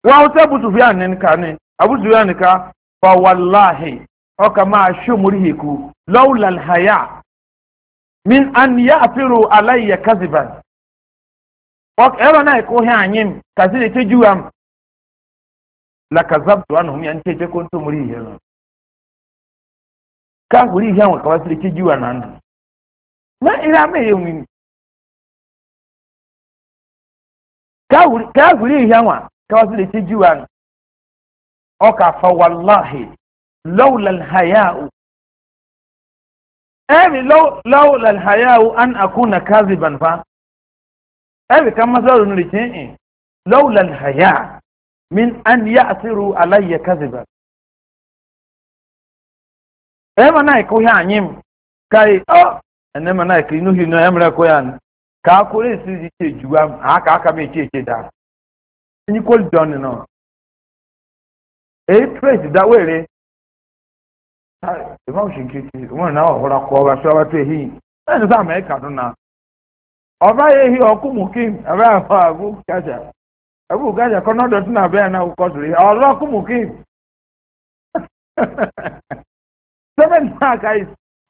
wɔn sɛ abusufu ya ne nka ne abusufu ya ne ka fa walahi ɔka ma ahwɛ mu rihiku lawla haya min an ya afiru alayi ya kaziban ɔka ɛrɔ na ɛkɔ e hɛ anyim kasi de kyekye wam lakazabtu anhum ya nkyekye kɔntɔ mu rihiku ka huri hɛ wɔn kawasiri kyekye wa nan. mɛ ira mɛ yɛ wini káwùrí ìyá wọn káwọn sì lè ti jí wa nù ọkà fọwọláhì lọ́wọ́lẹ̀lhayáwó ẹ̀rì lọ́wọ́lẹ̀lhayáwó an àkúnà káàzì bànfà ẹ̀rì ká masáwò nù rìkín ìn lọ́wọ́lẹ̀lhayá min an yá àtìrù aláyẹ káàzì bà. ẹ̀rì náà kò yá ànyìn káyé ọ́. ene mana ka inu hi na emre yan ka ko re si ji che juwa aka ka aka me che che da ni ko don no e trace da were ha e ma shin kiki na o hora ko ba so ba te hi en za me na ọba ye ọkụ na na akwụkwọ ihe ọrụ ọkụ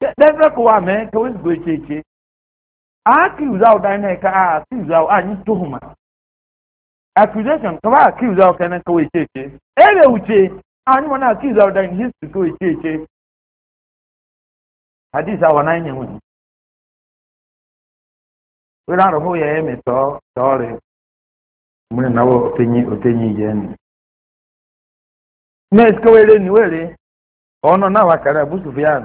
Dẹ́sẹ̀ kò wà mẹ́ kí wọ́n gbé kyekye. Accuse out dan náà ká accuse out anyi tuhuma. Accusation kaba accuse out kẹ́nẹ́ kí wọ́n kyekye. Ẹ̀rẹ̀ wùkye anyi wọn accuse out dan history kí wọ́n kyekye. Hadith àwọn náà nyẹ̀ wọ̀nyí. Wíwá mi tọ́ tọ́ rẹ̀. Mo yẹn ni. ni ọ̀nà náà wà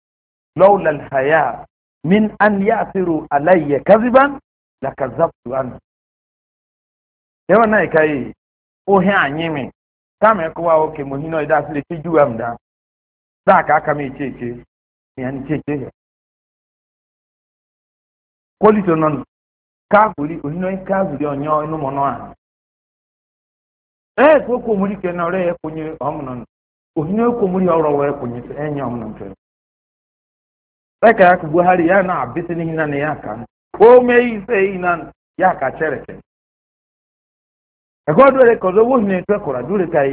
لولا الحياء من أن يأثروا علي كذبا لكذبت أنا yawan na ika yi ohe anyi mi kama ekowa oke mo hino ida sile ti juwa mda da ka aka mi cheche ya ni cheche ya koli to non ka guri ohino ka guri onyo inu mo no a e ko ko muri ke no re e kunye o hino ko muri oro we kunye mo non to saka ya buhari ya na abisi ni hinan ya kan ko mai ise hinan ya ka cereke ẹkọ dole kọzọ wo hinan to kora dole kai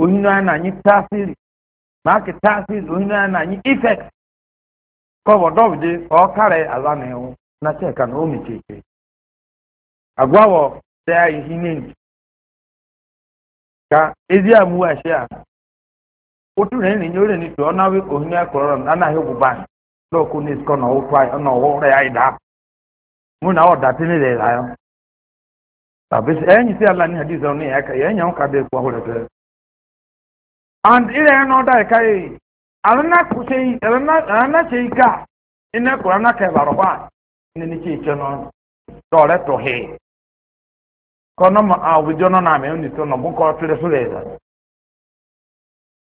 ohinu na anyi tasiri ma ke tasiri ohinu na anyi effect kọbọ dọbje ọ kare ala na ewu na cheka na o mecheke agwawọ sai ayi hinan ka ezi amu ahia otu na enyi nyore ni to ọ na we ohinu akọrọ anaghị ogwụ bank lọ́ọ̀kú ní ìsìkọ́ náà ó fà ọ̀nà ọ̀hún rẹ̀ àìdá mú náà ọ̀dà tí nílẹ̀ rà yọ. tàbí ẹ̀yìn sí àlàní àdìsọ ní ẹ̀ka ẹ̀yìn àwọn kàdé ẹ̀kọ́ ọ̀hún rẹ̀ and ilẹ̀ ẹ̀ náà dá ẹ̀ka yìí àrùnáṣe ìka iná kùrọ̀ náà kẹfà ní ní kí náà kọ́nọ́mọ àwùjọ náà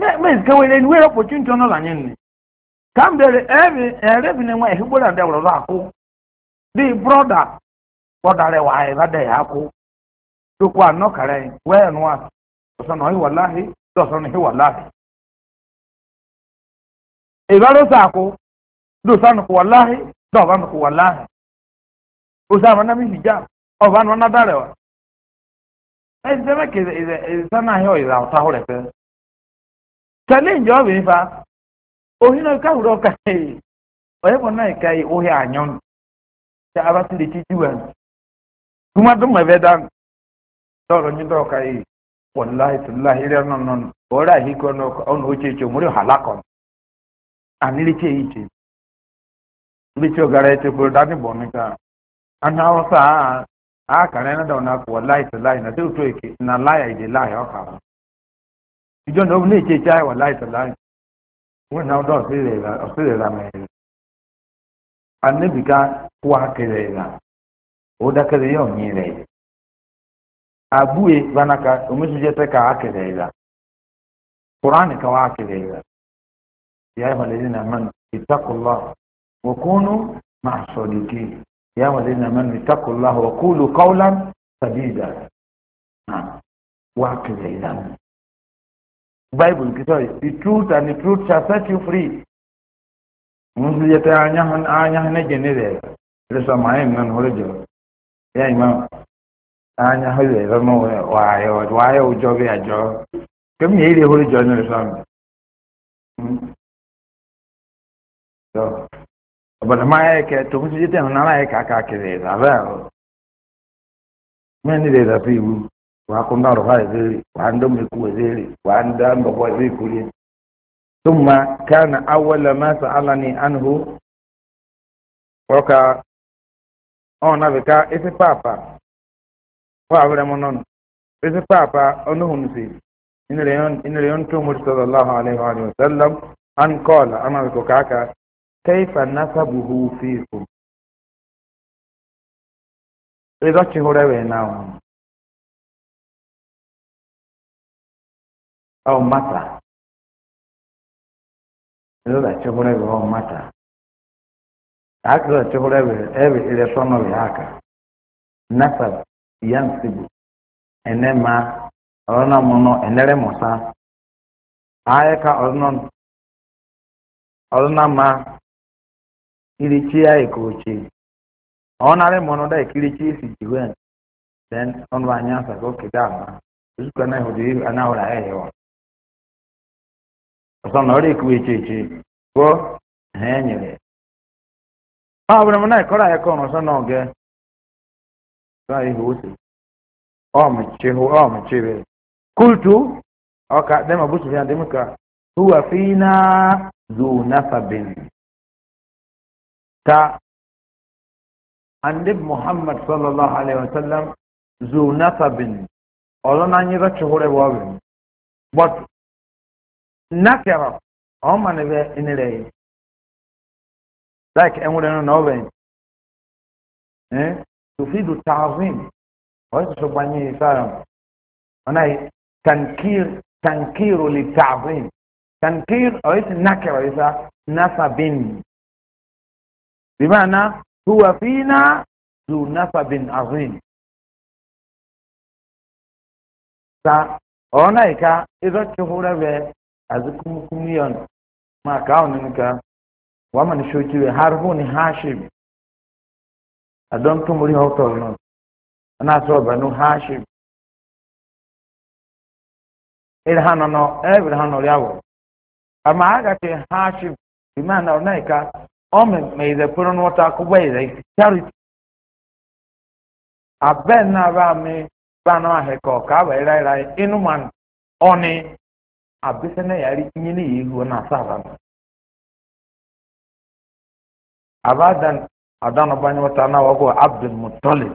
mẹ́ẹ̀mẹ́sì kẹwẹ́ lẹ́nu wẹ́rẹ́ opportunity ọ̀nà lànyẹ́ nì kàmbẹ̀rẹ̀ ẹ̀rẹ́ ẹ̀rẹ́bì ni wọ́n broda dẹ̀wọ̀rọ̀ lọ àkó bí brọ́dà brọ́dà rẹ̀ wà ẹ̀rẹ́ dẹ̀ yà ákó tókù ànọ́kàrẹ́ wẹ́ẹ̀nù wa ọ̀sán ọ̀hìn wà láàyè lọ́sàn ọ̀hìn wà láàyè. ìbálòsà àkó lọ́sànùkù wà láàyè lọ́sànùkù wà láàyè. òsàmù anábì hìjà ọ̀bánu ọ̀nàdàrẹ̀ wa. ẹ̀ challenge ọ bụ ife a ohi na ka wuru ọka ee onye bụ na ka yi ohi anyọ ta abasi da ci jiwa kuma dum ma vedan dọrọ nyi dọrọ ka yi wallahi tallahi ire non non ora hi ko no on oche che muri halakon anili che iche bicho gare che ko dani bonika ana wasa a kare na da na ko wallahi tallahi na tu to yake na laya ide lahi o ka ìjọ náà ní ìṣe jáì wà láì tẹ̀lá wọn náà dọ̀ ọ̀sẹ̀rẹ̀ rà mẹ́rin anẹ́bìká kó akẹrẹ rà ó dákẹrẹ yọ̀ ní rẹ̀ àbúyé gbanaka omisijẹ tẹ ká akẹrẹ rà kuraani ká wà akẹrẹ rà ìyá ìwàlẹ́dì náà mẹ́nu ìtakùlá wọ́kúnú máa sọ dìkì ìyá ìwàlẹ́dì náà mẹ́nu ìtakùlá wọ́kúlù kọ́ọ̀lá tàbí ìdá wà akẹrẹ rà mẹ́nu. Bible, sorry, the truth and the truth shall set you free. Mungu yete anyahan anyahane genere. Lesa maem nan horejo. Ya imam. Anya hoye zama wayo wayo ujobe ajo. Kem ye ile horejo ne sam. Hmm. So. Abana mae ke to mungu yete hanala e kaka kire. Aba. Meni de da pibu. وهكذا رغاية ذيري وعندهم يكون ذيري وعندهم بقوى ذيري كلين ثم كان أول ما سألني عنه وكا أنا بكا إسي بابا وعبر منون إسي بابا أنه نسي إن ليون إن ليون تومر صلى الله عليه وآله وسلم أن قال أنا بكاكا كيف نسبه فيكم إذا شهر بيناهم au mata ilo da chekula au mata haki za chekula ibe ewe ile sono ya haka nasab yansibu enema orona mono enere mosa ayeka orona orona ma ilichi ya ikochi onare mono da ikilichi isi jiwen then onwa nyasa ko kidama Yusuka na hudu anahola ehewa. أصلاً نادي كويتشي شيء، هو هني لي. ما أبغى منا يكرا يكون أصلاً نوعه، كاي هوسي، أم شيء هو أم شيء بيل. كلتو، أك دم أبوس فيها دم كا هو فينا ذو نسبين. تا عند محمد صلى الله عليه وسلم ذو نسبين. أولاً أني رأيت شهور وابين، but nakẹrọ ọma ni bẹ ẹni rẹ yìí like ẹnwúrẹ nínú ọbẹ yìí tòfídù tààzín wọ́n ti sọ gbanyé yìí sára ọ̀nà yìí tankir tankiru li tààzín tankir ọ̀yẹ́ ti nakẹrọ yìí sá nasabin bimana huwa fina zu nasabin azin sa ọ̀nà yìí ká ẹ̀zọ́ tìhúrẹ́ bẹ́ẹ̀. azikumukumiyon ma ka awon ni ka wa man shoki we har hu ni hashim adon tumuri hoto no ana so banu hashim irhano no ebrahano yawo ama aga ke hashim imana onaika ome me de puron wata ku we de charity aben na ba mi banu aheko ka ba ira ira inu man oni abisa na yari nye ne yehu na asaba no abadan adan ọba ni wata na wọkọ abdul mutali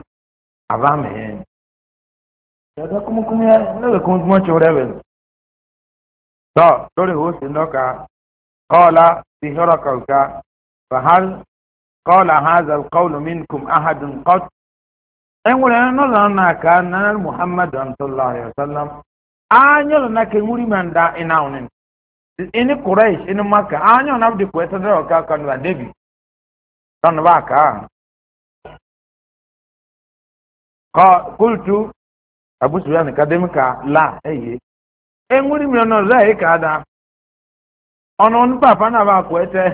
aba mẹyẹ yàtọ kumukumu yẹ ne bẹ kumukumu ọtí wọlé bẹ tọ lórí hosi ndọka kọọla ti hẹrọ kọlka fahal kọọla haza kọọlu minkum ahadun kọt ẹ nwere n'ụlọ nna aka na muhammadu sallallahu alaihi wasallam anyọrọ na ke nwuri ma nda ina onin ini kureish ini maka anyọrọ na abdi kweta dara ọka aka nwa david tọnụ ba aka ka kultu abu sufyan ka dem ka la eye enwuri mi ọnọ zaa e ka ada ọnụ ndị papa na ba kwete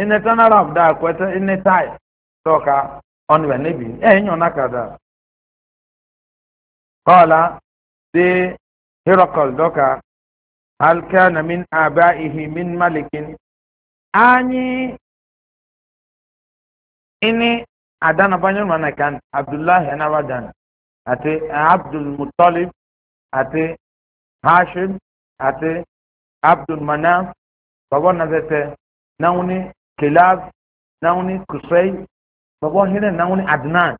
ina tana rab e da kwete ina tai tọka ọnụ ba nebi enyo na kada kọla see hirakol dọka alka na min aba ihe min malikin anyị ini adana banyan mana kan abdullahi anabadan ati abdul mutalib ati hashim ati abdul mana babo na zete nauni kilab nauni kusai babo hine wuni adnan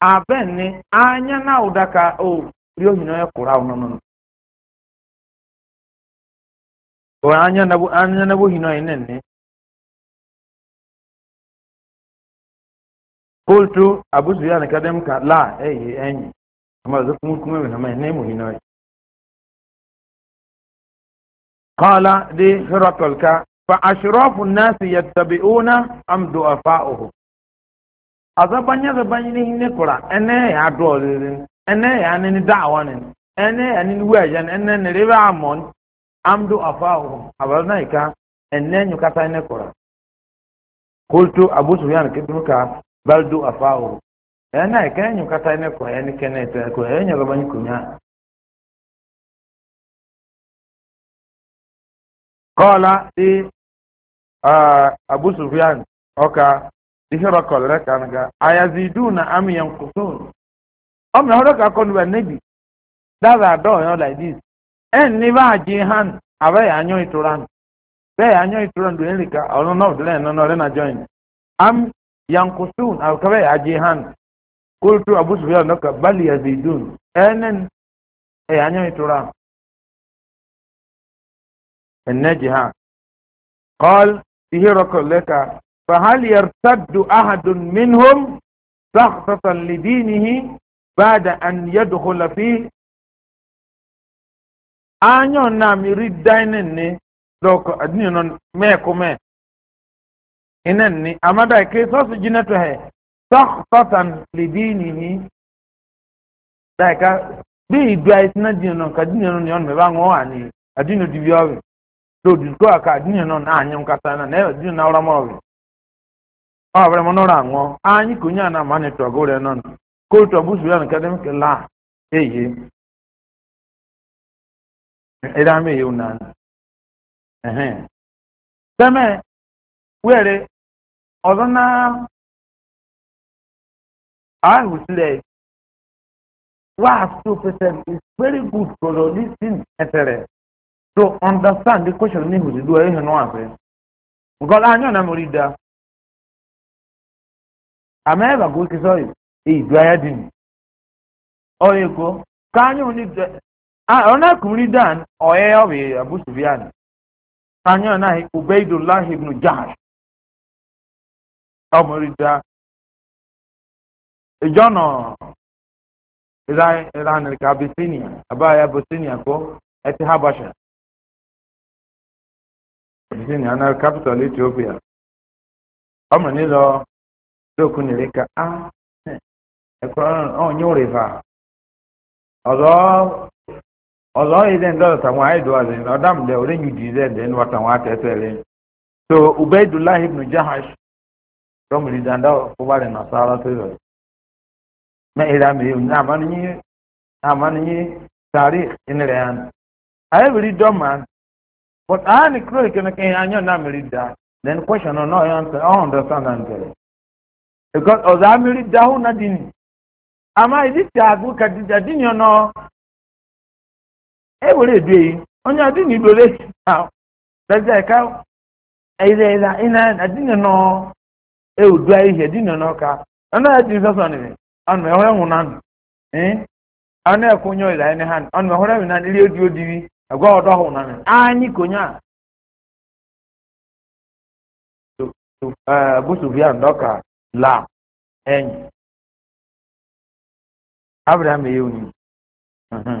aben anya na udaka o oh, rio hinoya kura nonono o anya na bu anya na bu hino inene kultu abu zuyan kadem ka la eh enyi amma zo kuma kuma mai mai ne mu hino qala di hirakal ka fa ashrafu an-nas yattabi'una am du'afa'uhu azabanya zabanya ne hine kura ene ya do ene ya ne da'wa ne ene ya ni wa ya ene ne riba amon amdu afahum ika ennenyu kata ne kora kultu abu sufyan kibnuka baldu afahum ena kenyu kata ne ko en kenete ko enyo gabanyu kunya qala di abu sufyan oka dihira kolere kanga ayaziduna am yanqusun amna hoda ka konwa nabi dada do yo like this ẹni bá jí han abẹ́yẹ anyọ́ ìtura nù bẹ́ẹ̀ anyọ́ ìtura nù ẹ̀rì ká ọ̀run náà òdìlẹ̀ ẹ̀ nọ́nà ọ̀rẹ́ náà jọ yìí am yankó soon àkàbẹ́yẹ ajé han kóòtù abúsùfẹ́ ọ̀nọ́kà bali ẹ̀dì dùn ẹ̀ẹ́nẹ́ ẹ̀ anyọ́ ìtura ẹ̀nẹ́ jí han kọ́l ihe rọkọ̀ lẹ́ka fahali yartaddu ahadun minhum sakhsatan lidinihi ba'da an yadkhula fi anyo na miri dining ni doko adini non me ko me inan ni amada ke so su jina to he sakhatan li dinihi daika bi idwai na dini nọ ka dini non yon me ba ngo ani adini di bi obi do di ko aka adini non anyo nkata na na adini na ora mo obi o bre mo no ra ngo anyi kunya na mani to gore non ko to busu ya na kadem ke la eye ịdame ya una seme were ọzọ na ahụ sile person is very good for the listening etere to understand the question ihe n'ụwa because na ama eyi du ọ ka ọ̀nàkùnrin dan ọ̀yẹ́ ọ̀wẹ̀ a tanyọ náà ubaidulahi ibn jahash ọmọrìdá ìjọ náà ìranìkà abisinia abáyé abisinia kó ẹtì habasha abisinia náà capital ethiopia ọmọ nílọ lókun nìrìkà á ẹkọ rìvà ọzọ yi den dọla ta nwa ayi do azin ọdam de ore nyu di den den nwa ta tẹle so Ube ibn jahash tom ri dan da ko bare na sara to na ira mi na tari in re an i will man but an kro ke na ke anyo na mi da then question no no answer understand and tell because ọzọ amiri hụ na dini ama idi nọ E were edue eyi onye adị na igboro esi na bẹsẹ ka ẹyẹ ịna ẹna na nọ ewudu ihe adị na nọ ka ọnụ ya nsọsọ nịrị ọnụ ẹhụrụ e ẹhụ nanụ ee ọnụ ẹkụ onye ọyịla ọnụ ili agwa ọdọ ọhụ anyị ka onye a e, bụsụfịa ndọka la enyi eyi onye. Hm, hm.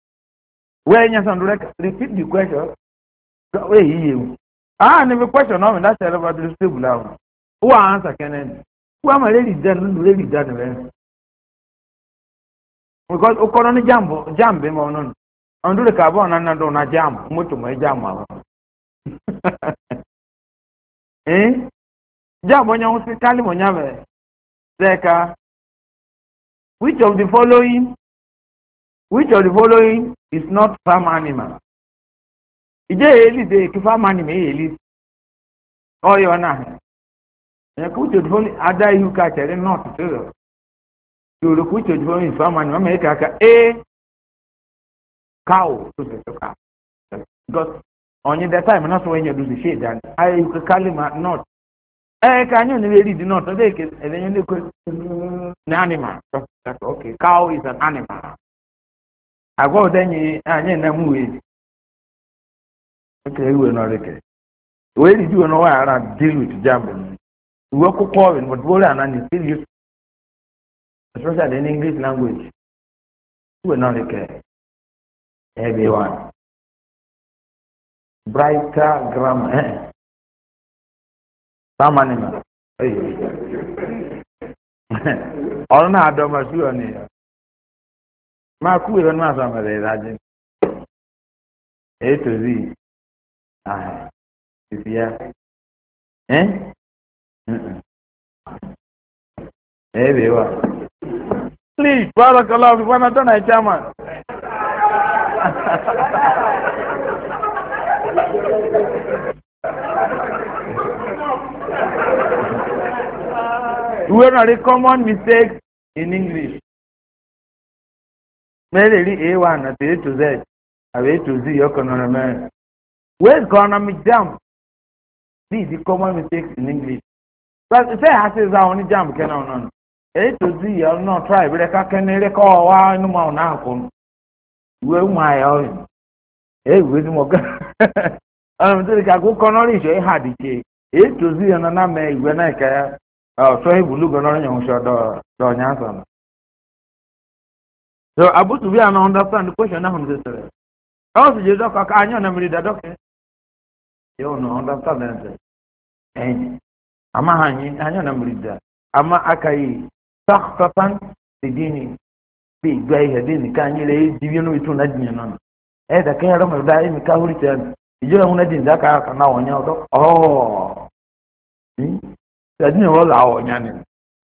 wẹ́ẹ́ yẹn sọ̀rọ̀ rẹ̀ repeat the question wẹ́ èyí yẹ wù. àá níbi question náà mi láti ẹ̀rọ bá dúró stable láwọn ó wà ánsà kẹ́nẹ́ ni wọ́n àmọ̀ rẹ́ẹ̀lì dẹ́n lónìí rẹ́ẹ̀lì dẹ́n rẹ̀. because ó kọ́ ní jam jam bí mo nù ọ̀n dúró kà bọ́ọ̀ náà dùn náà jam mọ́tò mọ́ ẹ jam àwọn. Eh? jam onye nwụsị kálí mọ̀ nyàmẹ̀ sẹ́ka which of the following. Which of the following is not farm animal? Ije eli de ki farm animal eli. Oyo oh, na. Ya which of the following ada ihu ka chere not to. You look which of the following farm animal make ka a cow to the cow. Because on that time not when you do the shade and I you him not. Eh can you ni read not. They can edenyo ni ko na animal. Okay, cow is an animal. agwa odenye anyị na muwe ka ewe nọrọ wee ridi uwe n'ọwa ara deal with german uwe akwụkwọ ọrịa but bụrụ ana na still e use english language uwe nọrọ ebe brighter grammar samanima eh, eh. ọrụ na na ya máa kú ìrọ náà sọ àmàlẹ ìdájẹ ètò rí àhà títí yá ẹ ẹ bẹ wà. please bárakàlá òfìfọ́nà tọ́nà ìjà mà. ìwé náà rí common mistakes in english. mere a1 na a to z a to z ọkọnọrọ mere is economic jam see the common mistakes in english but ṣe say ṣe za only jam kẹ́nà ọ̀nà a to z ọ̀nà náà try ìbílẹ̀ ka ní eré kọ́ ọ̀wá inú mọ́ ọ̀nà àkọ́ ìwé ń wá ẹ̀ ọ̀rìn ẹ̀ ìwé tí mo kẹ́ ọ̀nà mi tó a to z na náà mẹ na náà kẹ́ ọ̀ṣọ́ ìbùlùgọ́ náà yẹn ń So Abu Sufyan understand the question now hundred seven. Also you don't kaka anyo na mri da doke. You no understand eh, that. Eh. Ama hanyi anyo na mri da. Ama akai sakhfafan bidini. Bi gai hadini kanyi le yi no itu na dinyo non. Eh da kai ro da mi ka huri tan. Ijira huna din da ka ka na wonya odo. Oh. Hmm. Da dinyo wala wonya ne.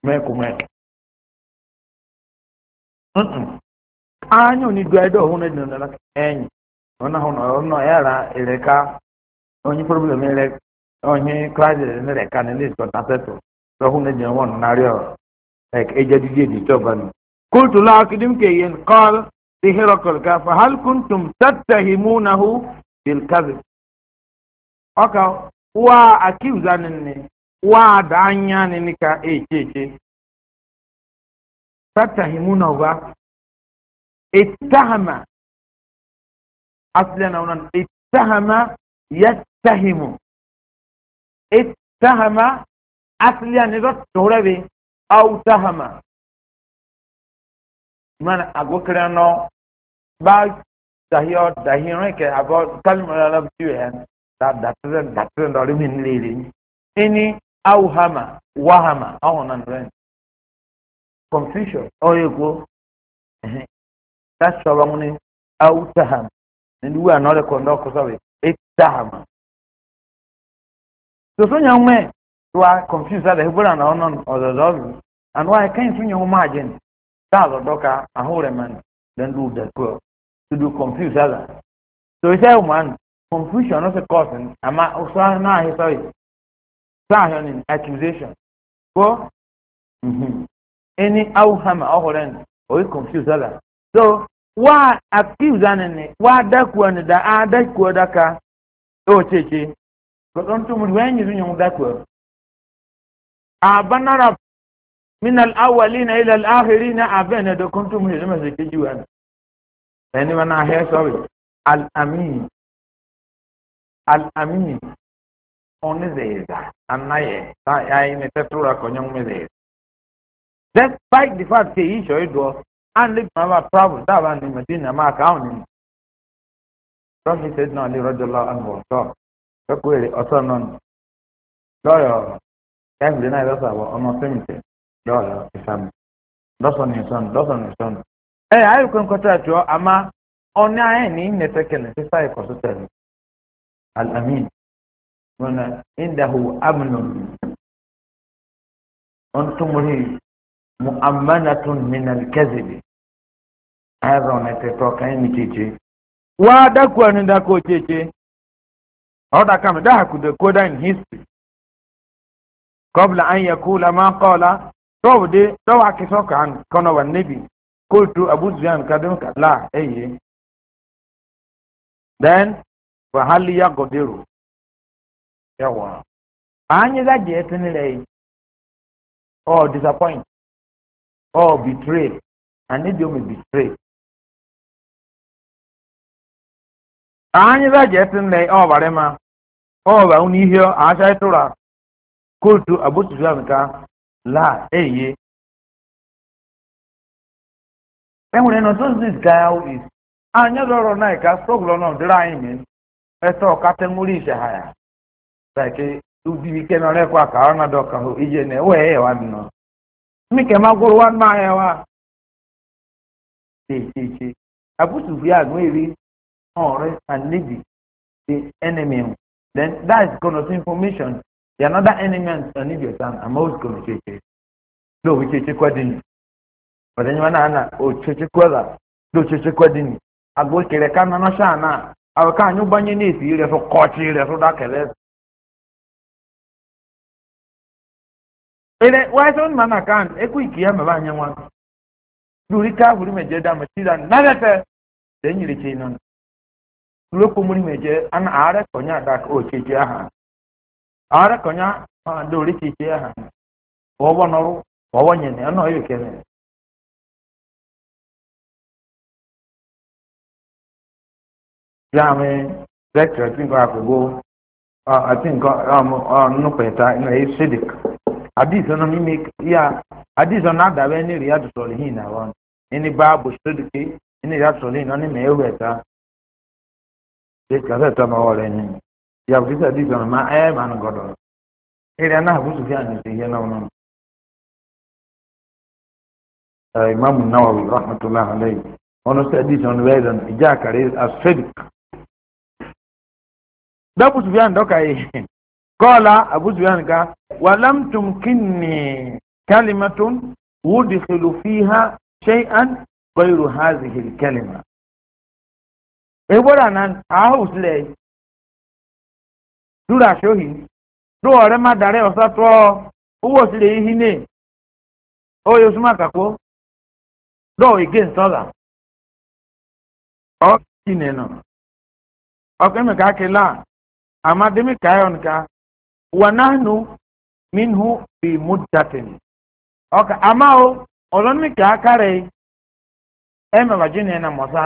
Me kuma. Mm-mm. anya oni dua do hono dino na ọhụrụ ona hono ono era problem ele onyi mere ne reka ne list ko taseto do hono won na ek di di to ban qultu la akidim ke yen qal hirakal ka fa hal kuntum tattahimunahu bil kadhib aka wa ne wa tattahimunahu اتهم اصلا هنا اتهم يتهم اتهم اصلا يعني نرد تهربي او تهم من اقوكرا نو باي دهيو دهيو كي ابو كلمة العرب جوهن دا داترن داترن دوري من ليلي اني اوهم وهم او هنا نرد نعم، نعم. confusion او يقول That's the wrong one. Outaham. And we are not a conductor, sorry. Itaham. So, so young men who are confused at the Hebrew and Onan or the Zorro, and when I can't swing your margin. That's a doctor, a holy man, then do the girl to do confuse other. So, he said, oh, man, confusion is a cause, and I'm not, oh, sorry, he sorry. Sorry, an accusation. Well, mm-hmm. Any -hmm. any outham or oh, oh, holy, or you confuse other so wa accuse anene wa dakuwa ne da a dakuwa daka o cheche ko don tumu wenyi zunyo dakuwa a banara min al awwalina ila al akhirina abena do kuntum hilma zake juwan Anyone I he sorry al amin al amin onizeza anaye ta yayi a tetura konyong mezeza despite the fact he showed idwo and never travel that one in Medina ma account Prophet said no Ali radiyallahu anhu so so kwere ọsọ nọ nọ lọrọ kẹfìlì náà lọsọ àwọn ọmọ sẹmìtì lọrọ ìsàmù lọsọ ní ìsọnù lọsọ ní ìsọnù. ẹ ayọkọ nkọtà àjọ àmà ọ̀nà ẹ̀ ní nẹ̀tẹ̀kẹ̀lẹ̀ sísá ẹ̀kọ́ sọ́tẹ̀lẹ̀ alamin wọn ìdáhù amúnú ọ̀ntúnmùrì mu'amanatun minal kẹ́zìbì. azọ na tẹtọ kan ni cheche wa daku anu dako cheche ọda kam da hakude koda in history qabla an yakula ma qala to de to wa kiso kan kono wa nabi qultu abu eye then wa hal ewa yawa anyi da je disappoint oh betray and they betray anyị za jesi nne ọ bara ma ọ ba unu ihe acha ịtụra kootu agbotutu amịka la eye enwere nọ gaa gail is anya rọrọ na ka strọgụl nọ dịrị anyị mee ete ọkata nwere ise ha ya like ụdị ike nọrọ ekwa ka ọ na ka hụ ije na ewe ya wa nọ mmike ma gwụrụ nwanne anyị wa echeche agbotutu ya nwere Or and leave the enemy. Then that is going to information. The another enemy and leave your I'm always going to change. No, we change accordingly. But then you want to oh change No ka na sha ka anyo banye ire so kochi ire so da man na Then you on. lóko múri méje ana ààrẹ kọnyá dàkọ òkèjì aha ààrẹ kọnyá máa dé oríkèjì aha wọ́wọ́ nọrọ wọ́wọ́ nyẹnẹ ẹ̀ náà yóò kẹ́nẹ̀. yaami lẹ́kítọ̀ nǹkan nǹkan ẹ̀ ẹ̀ náà mímí sai ka sa tama wale ne ya fi sa disa ma ayi ma na godo iri ana habu su fiya ne sai ya na wannan imamu nawawi rahmatullahi alayhi wani sai disa wani bai zan ija kare a sadiq da abu su fiya doka yi kola abu su fiya ka walam tumkinni kalimatun wudkhilu fiha shay'an غير هذه الكلمه egbora na ahụ sile dura shohi do ma dare osa to uwo sile yi ne o yo suma kako do again sola o kine no o ke me ka ke la ama de mi ka yon ka wa minhu bi muddatin o ama o ka akara e me na mọsa.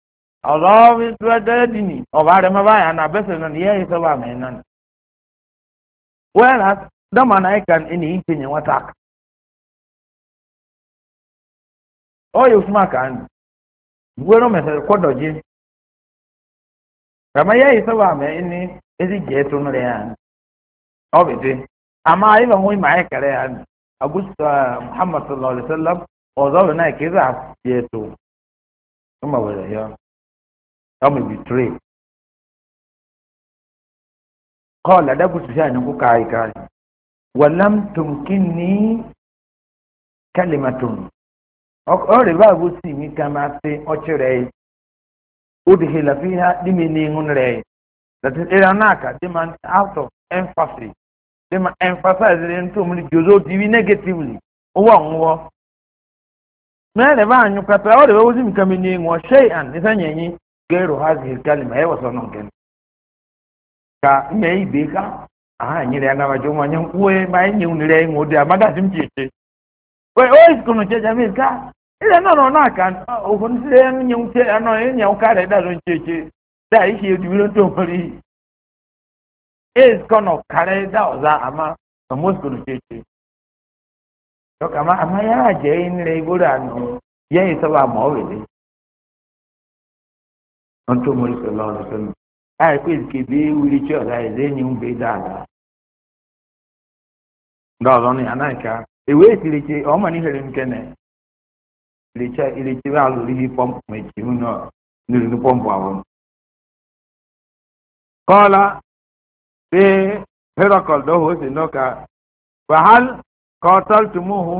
ọlọ́ọ̀bí tó dẹ́ẹ̀dì ni ọba rẹ̀ máa báyà náà na náà yẹ́ ẹ̀ sọ́wọ́ àmì náà ni. wẹ́ẹ̀rẹ́ dọ́mà náà ẹ̀ka ẹni yìí ti yẹn wọ́n ta. ọ yóò fún àkà ni gbogbo mẹsẹ̀ kọ́ dọ̀jé. kàmá yẹ́ ẹ̀ sọ́wọ́ àmì ẹni ẹni jẹ́ tó ń rẹ̀ yàn. agusta muhammadu sallallahu alayhi wa sallam ọmọ ìbìtúrè kọ́ọ̀lù adágùsù sí àyànkú káàkiri wàlám tòǹkìní kálímàtòm ọ̀rẹ́ bá àgbo sí mi ká máa ṣe ọ̀chẹ́ rẹ̀ ó dìhe làfihà dìmí ní ihun rẹ̀ that is ìran náà kà dì máa out of emphasis dì máa emphasize rẹ̀ nítorí omi jòzó diwi negatively owó àwọn wọ́ mẹ́rin bá àyànkú kàtà ọ̀rẹ́ bá àgbo sí mi ká mi ní ihun ọ̀ṣẹ́ àn nísànyẹ̀yìn. gairu hazihil kalima yawa sanon kan ka me ibe ka aha nyere ya ma cheche ka na kan o ya nye unche ano enye ukare da ron cheche da ishi edi wiro to mari iskono kare da oza ama omoskono cheche to kama ama ya je inire igoro anu ye isaba mo wọn tó mọrí sọlọ ọdún sọnù láì pé ìkéde wíri tí ọ̀dà ẹ̀dẹ́ ni ń gbé dáadáa dọ́ọ̀lọ́ ni anáìka ìwé ìtìlẹ̀tì ọmọ ní hẹ̀rẹ̀ nìkẹ́nẹ̀ ìlẹ̀tì ìlẹ̀tì wà lórí pọ́ǹpù méjì mú náà lórí ní pọ́ǹpù àwọn. kọ́lá ṣé hẹ́rọ̀kọ̀l dọ́wọ́ ó sì nọ́ka wàhálà kọ́tọ́lùtùmùhù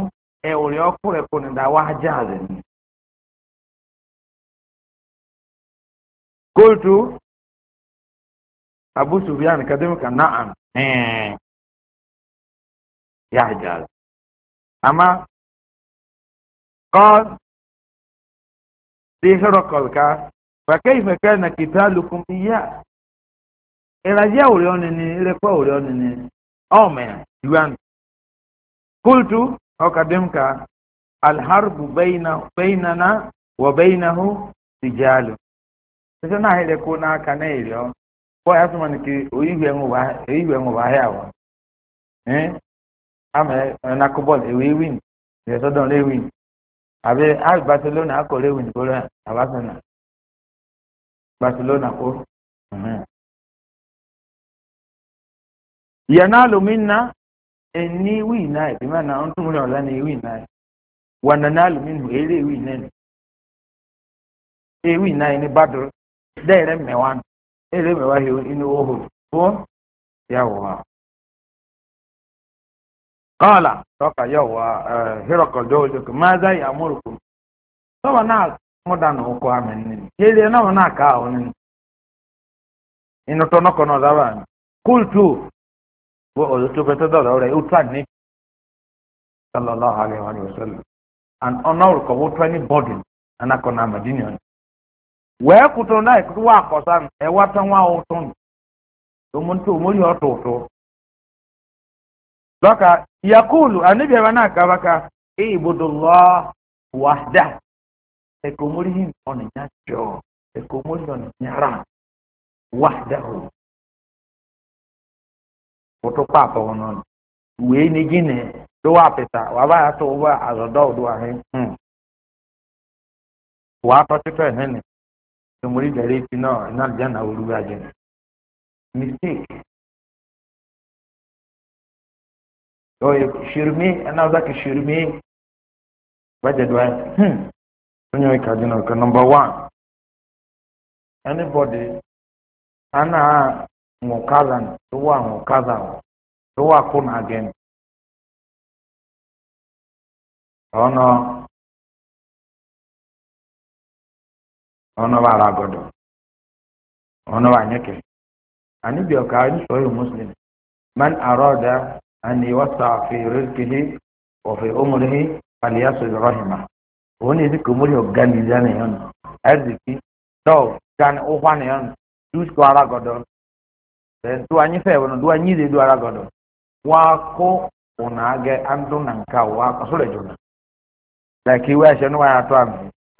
ẹ̀wùrẹ́ ọkùnrin kùnìdà wájà rẹ̀ ni. قلت أبو سفيان كذبك نعم يحجز أما قال سحرق الكاس فكيف كان قتالكم إياه إلى جاء وليونني إلى قوى وليونني أومن يوان قلت أو الحرب بين بيننا وبينه سجال site na ahịrị kwụ n'aka na-eri ọ bụọ ya sụma nke oyiwe nwụwa ahịa ahụ ama e, na bọọlụ ewee win ndị sọdọ na ewin abe abi barcelona akọrọ ewin bụrụ abasana barcelona ya na minna eni win na ebi na ntụmụrụ ọla na ewi na na minhu ere ewin na ewin na ni badru dẹ́ẹ̀rẹ́ mẹ́wàá ẹ̀rẹ́ mẹ́wàá yìí inú owó tó yàwó wa. kọ́ọ̀là tọ́ka yàwó wa hírọ̀kọ̀dọ́ ojúkọ̀ máa zá yà múrùkù sọ́wọ́n náà múdà nà ókó àmì nínú yéèlé náà wọn náà ká àwọn nínú. inú tó nọkọ̀ náà dábàá ni kúltù bó ọ̀dọ́ tó fẹ́ tó dọ̀dọ̀ rẹ̀ ó tà ní sallallahu alayhi wa sallam and ọ̀nà òrùkọ̀ wọ́n tó ẹni bọ́ọ̀dù anakọ̀nà àmàdínìyàn. wee kụtụrụ na ikutu wa akọsa ewata nwa ụtụ tụmụntụ omori ọtụ ụtụ dọka yakulu anibiara na akabaka ibudullah wahda ekomori hin ọnịnya jọọ ekomori ọnịnyara wahdahu ụtụ paapụ ọnụ wee ni gịnị dọwa apịta waba ya tụ ụgbọ azọdọ ụdụ ahụ wa atọchịtọ ehe tòmórí bẹ̀rẹ̀ Not náà iná àlùjáná olúwa jẹ mistake oye oh, I ana zaka shirme baje do ai hmm onye we ka jina ka number 1 anybody ana mukazan to wa mukazan kuna again oh, no. ọnọba alagodo ọnọba anyeke ani bi ọka anyị sọ yóò muslim man arọda anyị wasa fi rizkihi ofe umurihi aliyasu rahima onye isi ezika omori ọganiza na yọnu ẹziki dọw gan ụkwa na yọnu dusko alagodo tó anyị fẹ wọn do anyị izedu alagodo wakó ụnagẹ andụ na nka wakọ sọrọ ejuna like iwe ẹsẹ nwa ya atọ àmì.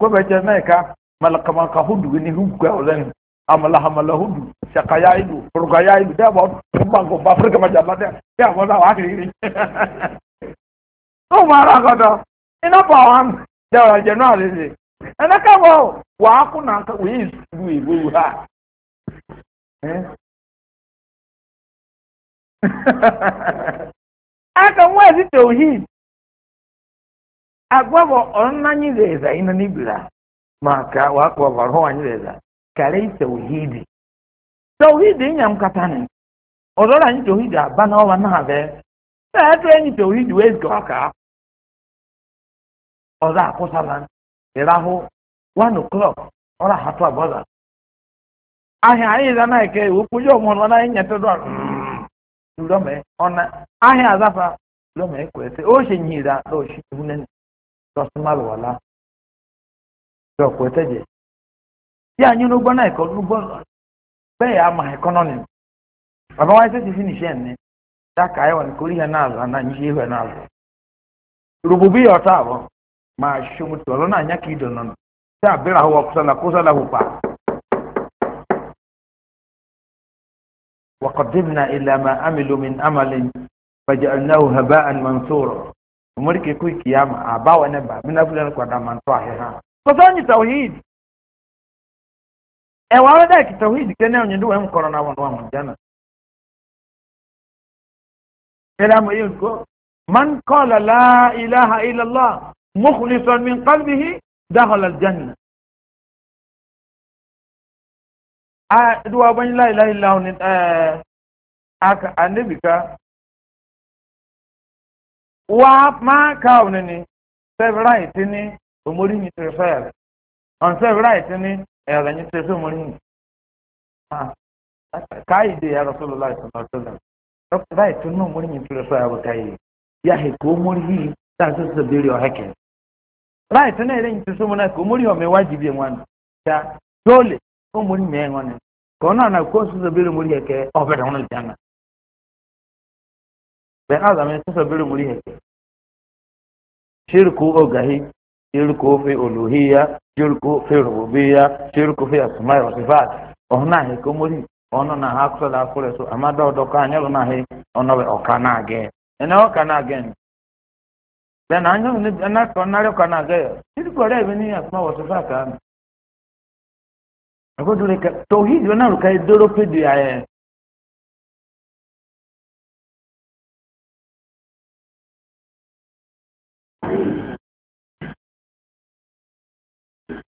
ko be je mai ka malaka ka hudu ni hu ka olan amala hamala hudu saka ya idu furga ya idu da ba bango ba furga ma jalla da ya ba da wa kiri o mara ka da ina ba wan da wa je na le ana ka bo wa ku na ka wi du e bu ha eh aka wa zi tauhid agwabo onanyireza inanibira maka wakwaba roho anyireza kale tauhidi tauhidi nyamkatane odola nyi tauhidi abana oba nabe eto wee tauhidi ọka kwaka oza akosalan eraho one o'clock ora hatu aboda ahịa anyị za na eke wụkwụje ọmụrụ na nyete dọ lome hmm. ọna ahịa azafa lome kwete o shi nyira do shi hunene lọ́sùnmáàlù wọ̀lá bí ọ̀pọ̀ ẹ̀tẹ̀jẹ̀ tí a nyẹ́ lógbọ́n náà ẹ̀kọ́ lógbọ́n bẹ́ẹ̀ yà á máa ẹ̀kọ́ náà nìyẹn bàbá wa ẹ̀sẹ̀ ti fi nìṣẹ́ ẹ̀ ní dáka ẹ̀ wọ̀n kórìí hẹ̀ náà lọ́nà níṣẹ́ ìhẹ̀ náà lọ. rògbò bí ọ̀tá àbọ̀ máa ṣomi tó ọ̀lọ́nà ànyá kì í dùn náà tí àbẹ̀rẹ̀ àwọ̀ kúsàlà kúsàlà hù pa. وقدمنا إلى ما عملوا من عمل فجعلناه هباء منثورا umurike ku kiyama abawa ne ba mina fulani kwa damanto aheha kosonyi tauhidi e wawe da ki tauhidi kene onye nduwe mkoro na wonu wamu jana ila muyuko man qala la ilaha illa allah mukhlisan min qalbihi dakhala al janna a duwa ban la ilaha illa allah aka annabi ka wa máa ka òní ni sẹ́fúráìtì ní òmórí yìí tẹ̀lé fẹ́ rẹ̀ ọ̀n sẹ́fúráìtì ní ẹ̀rọ yìí tẹ̀lé fẹ́ òmórí yìí. káyìdé ya rasulù láì sọ̀rọ̀ sọ̀rọ̀ sẹ́fúráìtì ní òmórí yìí tẹ̀lé fẹ́ rẹ̀ káyìí yà hẹ̀ kó òmórí yìí tá a ti sọ béèrè ọ̀hẹ́ kẹ́. ráìtì náà ẹ̀rẹ́ tẹ̀lé fẹ́ òmórí òmórí ọ̀mẹ́ wájú wọn ya tóòlè òmórí mẹ́ẹ̀ wọn ni kọ́ náà kó sọ béèrè òmórí yẹ kẹ́ ọ̀bẹ̀rẹ̀ wọn lè dáná. bẹ́ẹ̀ náà zàmì sọ́sọ́ bẹ̀rẹ̀ múrí hẹ̀kẹ́ ṣírkù ọ̀gáhí ṣírkù fi olùhíyá ṣírkù fi rùbíyá ṣírkù fi àtúmáyé ọ̀sífàt ọ̀hún náà hẹ̀kẹ́ múrí ọ̀nà náà hàkúsọ̀ dà kúrẹ̀ sọ àmà dọ̀dọ̀ ká anyẹ́rù náà hẹ̀ ọ̀nà bẹ̀ ọ̀ka náà gẹ̀ ẹ̀nà ọ̀ka náà gẹ̀ ni bẹ́ẹ̀ náà anyẹ́rù ní ẹ̀nà kọ̀ọ̀nárẹ̀ ọ̀ka náà gẹ̀ ṣírkù ọ̀rẹ́ mi ní àtúmáyé ọ̀sífàt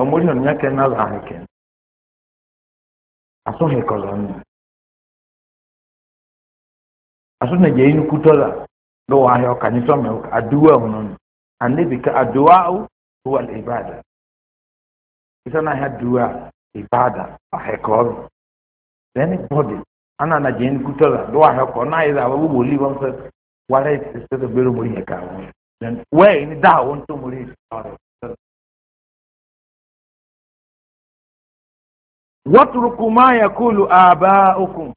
ọmọdé ọ̀nà kẹ́ ná lọ aso asọ́hìn kọ̀lọ̀ aso asọ́nà jẹ́ inú kútọ́ la lọ́wọ́ ahẹ́ ọ̀kà ní sọ́mọ̀ ẹ̀wọ̀ àdúwà ọ̀hún ọ̀nà ànẹ́bì ká àdúwà ó tó wà Then ana na jẹ́ inú kútọ́ la lọ́wọ́ ahẹ́ ọ̀kọ́ náà yẹ́dà àwọn gbogbo olú wọn fẹ́ wàrẹ́ watruku ma yakulu aba'ukum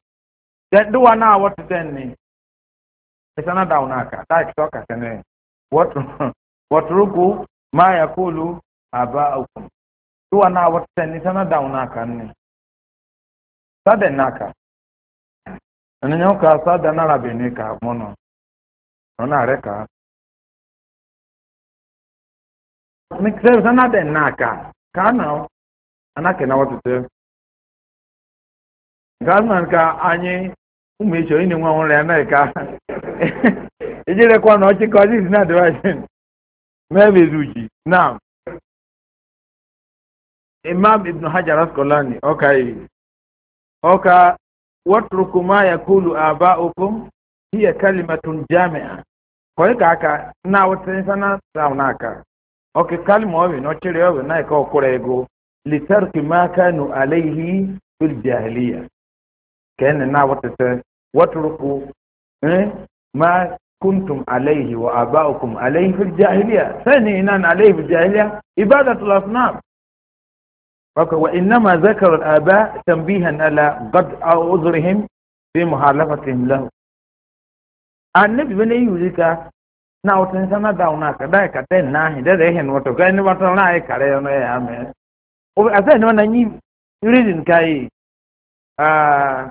dan duwa na wata dan da unaka ta watruku ma yakulu aba'ukum na sana da unaka nne. sada naka ka sada na ka mono ona reka mikse sana naka kana anake na gọọmenti ka anyị ụmụ echi onye na-enwe ọhụrụ ya naghị ka ejirekwa na ọchịkọ na na ibn hajar askolani ọka yi ọka watruku ma yakulu aba'ukum hiya kalimatun jami'a ka aka na wutin sana ka oke kalma obi ka ego litarki ma alaihi fil jahiliya كان نا وتت وتركو إيه؟ ما كنتم عليه وآباؤكم عليه في الجاهلية ثاني إنان عليه في الجاهلية إبادة الأصنام أوكي. وإنما ذكر الآباء تنبيها على قد عذرهم في مخالفتهم له النبي بن يوزيكا ناو تنسانا داوناكا دايكا تين ناهي دا ديهن واتو كاين واتو ناهي كاري يوم ايه عمي وفي أثناء نواني يريدن كاي آه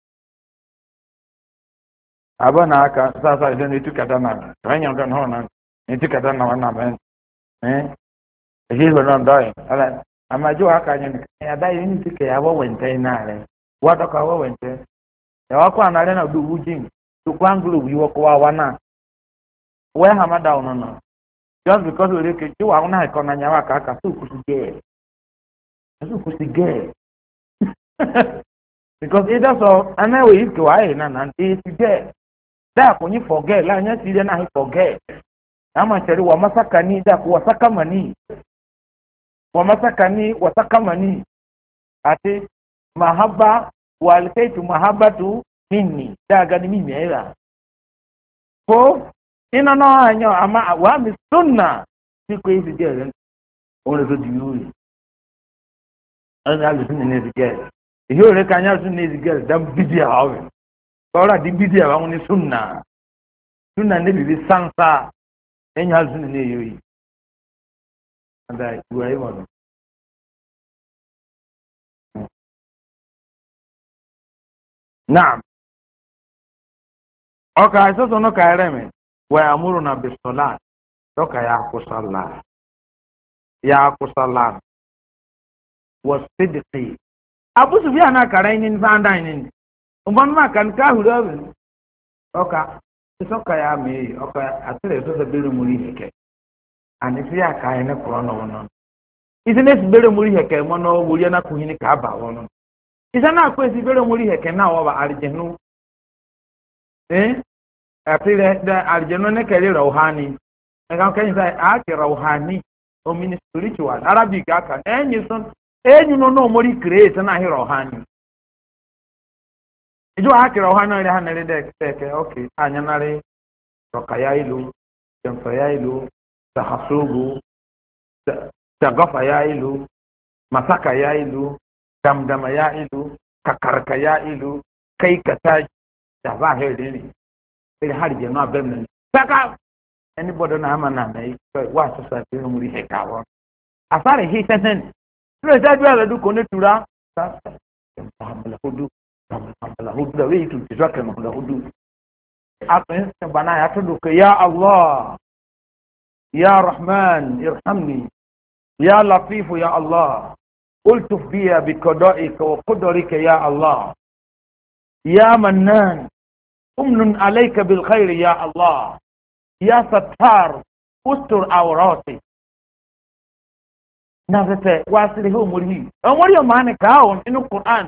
aba na aka sasa ise na etukata na ranya na etukata na wana ben na ala ama jo aka ya ya wa wente na re ka wente ya na na du wujin du kwa ngulu wi wa wana we ha ma down just because we ke wa na ko na nya so ana we na na da kunyi forget la nya sire na forget ama shari wa masakani da ku wasakamani wa masakani wasakamani ati mahaba wa alkaitu mahabatu minni da gani mimi era ko ina no anyo ama wa mi sunna siku hizi je ona zo diuri ana alu sunna ne zige hiyo re kanya sunna ne zige dam bidia hawe ọrọ àdìgbìdì àwọn ní súnà sunna, níbi bí sáńsà ẹ̀yìn àzùn ní èyí yìí ọ̀dà ìwà ìwọ̀n nù. naam ọkà àìsọsọ náà kà ẹrẹ mi wà àmúrò nà bìsọlá lọkà yà àkùsàlà yà àkùsàlà wọ sídìkì àbúsùfíà náà kàrẹ́ yín ní fáńdà yín ní. ụmụnụ maka nke ahụ rịọrị ọka ya ọka atịrị ịsọsọ bere mụrụ ihe ke anịsị ya ka anyị nepụrụ ọnụ isi na-esi bere mụrụ ihe ke mụ n'ọwụ wụrie n'akwụghị ni ka aba ọnụ isi na akwa esi bere mụrụ ihe ke na ọwa arịjenu ee atịrị da arịjenu nekere rauhani nga nke nyisa aka enyi enyi nọ n'omori na ijo ha kira ha nari ha nari da keke ok anya nari roka ya ilu jamfa ya ilu tahasubu tagafa ya ilu masaka ya ilu damdama ya ilu kakarka ya ilu kai ka ta da ba ha ne sai har je na bemne saka anybody na ama na mai wa society no muri hekawo afare hi tenen Tulo ìdájọ́ àlọ́dún kò ní tura. Ṣé ìjọba àmàlà kò dùn? لهود ده ويك الجزاك ما لهود أقن بنا يا الله يا رحمن ارحمني يا لطيف يا الله قلت بي بقدائك وقدرك يا الله يا منان أمن عليك بالخير يا الله يا ستار أستر عوراتي نفسه واسره مريه أمور يومان كاون إنه قرآن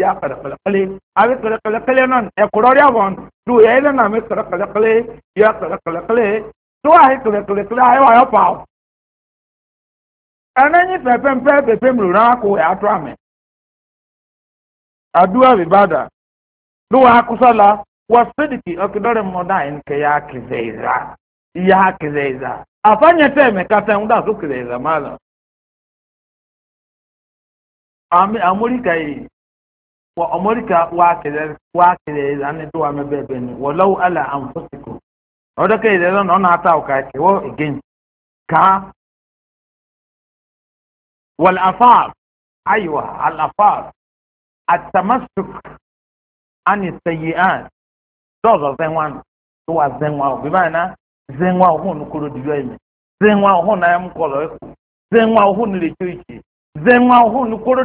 ya kada kada kale abi kada kada kale non e kurori ya ile na me kada kada ya kada kada kale tu ahi kada kada kale ahi wa yo pao ya ya ya ya yi wa omorika wakere wakere zani duwa mebebe ni walau ala anfusikum odo ke ile don ona ata o kai wo again ka wal afar aywa al afar at tamassuk an sayiat dozo zenwan to wa zenwa o bi zenwa o hun kuro diwa imi zenwa o na yam kolo eku zenwa o hun le kuro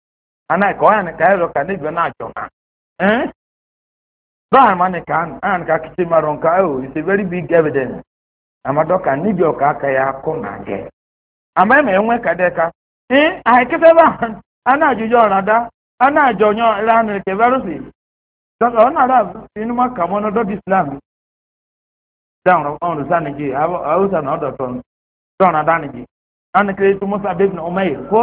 ana e ka ọya e ka ya ka ne biyo na ajọ na ee! Eh? dọha ma ne ka an ka kiti maro nka oh it's a very big evidence amado ka ne biyo ka aka ya akụ na nke ama eme enwe ka dị ka eh ahi kete ba ana ajụjụ ọra da ana ajọ onye ọrụ anụ nke varusi dọka ọ na-ara inu ma ka mọnụ dọbi islam dan ọrụ sa niji hausa na ọdọtọ dọra da niji ana kiri tumusa bebin umair ko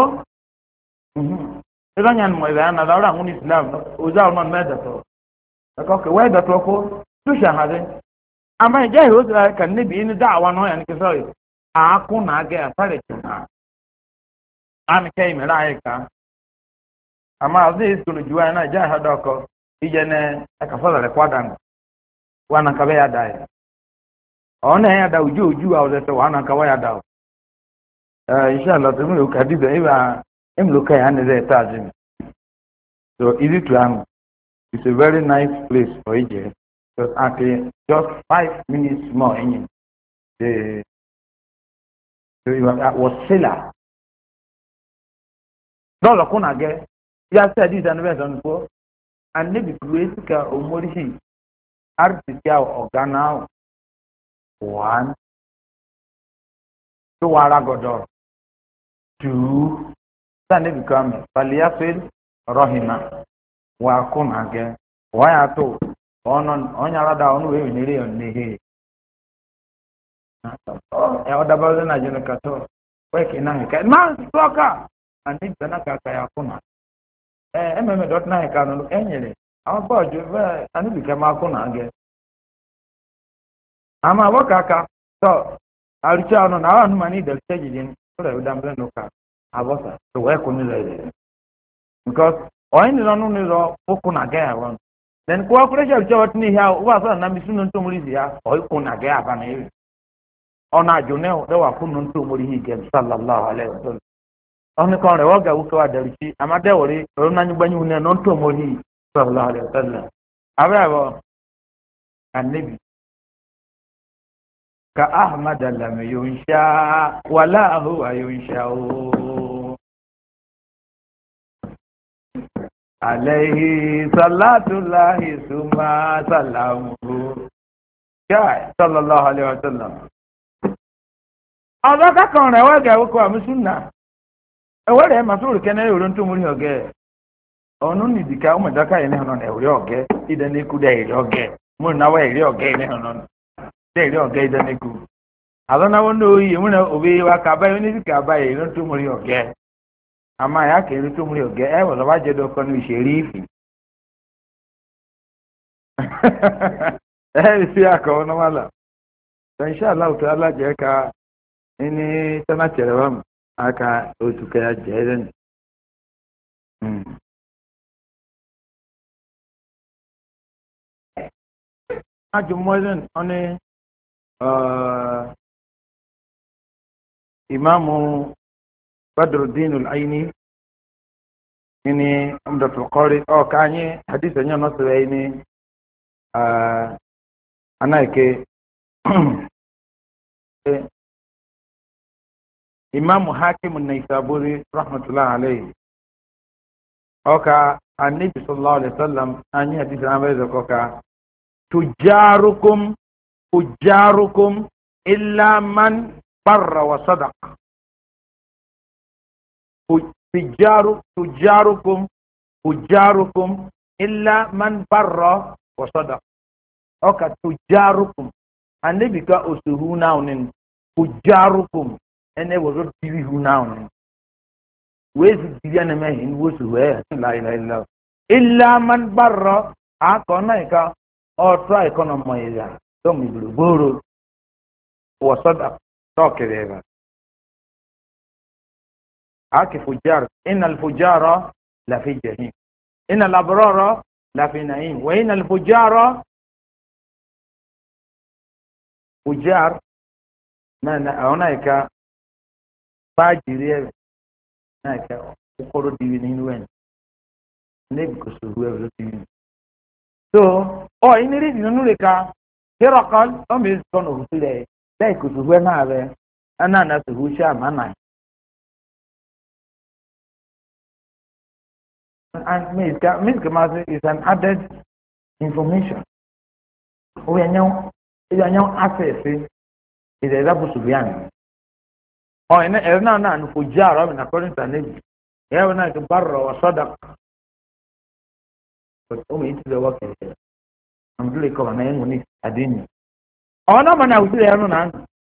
ìbáyà ni mo ìbáyà náà lára àwọn islam ọjà ọmọ mẹ́ẹ̀dọ̀tọ̀ ẹ̀kọ́ kẹ wẹ́ẹ̀ dọ̀tọ̀ kó túṣà hà dé àmọ́ ìjà ìhó ti ra kàn níbi inú dá àwọn náà yẹn kẹsàn yìí àákún náà gẹ àtàlẹ̀ tó náà àmì kẹ́ ìmìlá ayé ká àmọ́ àti ìsòrò jù wáyé náà ìjà ìhó dọ̀kọ ìjẹ ní ẹ̀ka sọ̀rọ̀ rẹ̀ kwádà nù wọn nà kàwé yàda yìí ọ̀hún náà yàda ojú ojú àwọn ọ̀dẹ̀tẹ̀ wọn nà kàwé yàda ọ̀ Imluka Yahaneze Tajim. So easy to land. It's a very nice place for Ije. Just after just five minutes more in the so it was, uh, was sailor. Lọ́lọ́ kún àgẹ́, yá sí àdí ìdáná bẹ́ẹ̀ sọ́nù fún. Àníbi kúrò èsì ká òmórìhì, àrùtìkí ọ̀gá náà wọ́n. Tó wàrà two. sáà níbi rohina mi fàlíyàfẹ́ rọ́hìnà wà kó nà gẹ́ wáyà tó ọ̀nyàrádà ọ̀nùwé ìnírí ọ̀nìhè ẹ ọ̀dàbọ̀lẹ́ nàìjíríà kàtó wẹ́ẹ̀kì náà hìkà náà sọ́ọ̀kà àní ìgbà náà kàkà yà kó nà ẹ ẹ mẹ́mẹ́ dọ́tí náà hìkà nínú ẹ nyèrè àwọn bọ́ọ̀dù bẹ́ẹ̀ àníbi kan máa kó nà gẹ́ àmọ́ àwọ̀ kàkà tọ́ àrùtí àwọn náà àwọn ànúmọ̀ ní ìdẹ̀lẹ́sẹ̀ jìjìn tó rẹ̀ ó dá agwọsa ewe kụ n'ụlọ ebe because onye nọ n'ụlọ ụkwụ na aga ya rọn then kụwa pressure bicha wetụ n'ihe ahụ ụgbọ asọ na mmisi n'otu omori izi ya ọịkwụ na aga aba na ere ọ na-ajụ na dewa kwụ n'otu omori ihe nke sallallahu alaihi wasallam ọnụ ka ọrịa ọ ga-awụ kewa darichi ama dewere ọrụ n'anyị gbanye wune n'otu omori sallallahu alaihi wasallam abịa bụ ka ahmad lam yunsha wala huwa yunsha alayhi salatullahi summa salamuhu kai sallallahu alaihi wasallam ọdọ kakan rẹ wẹgẹ wọkọ àmúsùnà ẹwẹ rẹ masuru kẹne ẹwúrẹ tó múri ọgẹ ọnu nìdíkà ọmọdéka yẹn ní ọgẹ ìdẹni kúdẹ ìrẹ ọgẹ ọgẹ ọgẹ. dẹ́ẹ̀rí ọ̀gá ìdánikù àlọ́náwó náà oyè wọn náà n'oyi wa kà báyìí oníṣì ka báyìí ló ń tó múri ọ̀gẹ́ àmọ́ àyà kéré tó múri ọ̀gẹ́ ẹ̀ wọ̀lọ́ bá jẹ́ dọ́kọ́ ní ìṣeré ìfì ẹ̀ ka àkọ́ ọ̀nà ka otu uh, imamu badruddin al-aini ini amdatul qari o oh, kanye hadithu nyo no ini uh, anaike eh, imamu hakim naisaburi rahmatullah alayhi oka annabi sallallahu alaihi wasallam anyi hadithu anaweza koka tujarukum تجاركم إلا من بر وصدق فجار تجاركم فجاركم إلا من بر وصدق أوكا تجاركم أنا بيكا أسوه ناونين تجاركم أنا وزر تبيه ناونين ويس تبيانا ما هن وسوه لا إله إلا الله إلا من بر أكونا آه، أيكا أو ترى إكونا ما يزال ثم يبلغوه وصدق توكل إيبا عاك فجار إن الفجار لفي جهيم إن الأبرار لفي نعيم وإن الفجار فجار ما هناك فاجر هناك أخرى دينين وين نبكسوا هو دينين so ọ inere ìdìnnú rẹ̀ ká Herakal ọ ma ezukọ n'ohuhule ya ikusuhwe n'abe anana suhushe amana. And misgamasi is an added information. Oyanyawo oyanyawo asese ìdẹ̀dá bùsùlùmí àná. Ọ̀ ẹ̀nà ẹ̀rọ náà náà nufo jẹ́ àrọ́ mi nàkọ́rin sànẹ́bì. Ẹ̀rọ náà ti bá rọ̀ wọ́n sọ́dà. Ọmọ yìí ti lọ wọ́ kẹ̀kẹ́. mtu liko wanaengu ni adini ona mana usile yanu na anu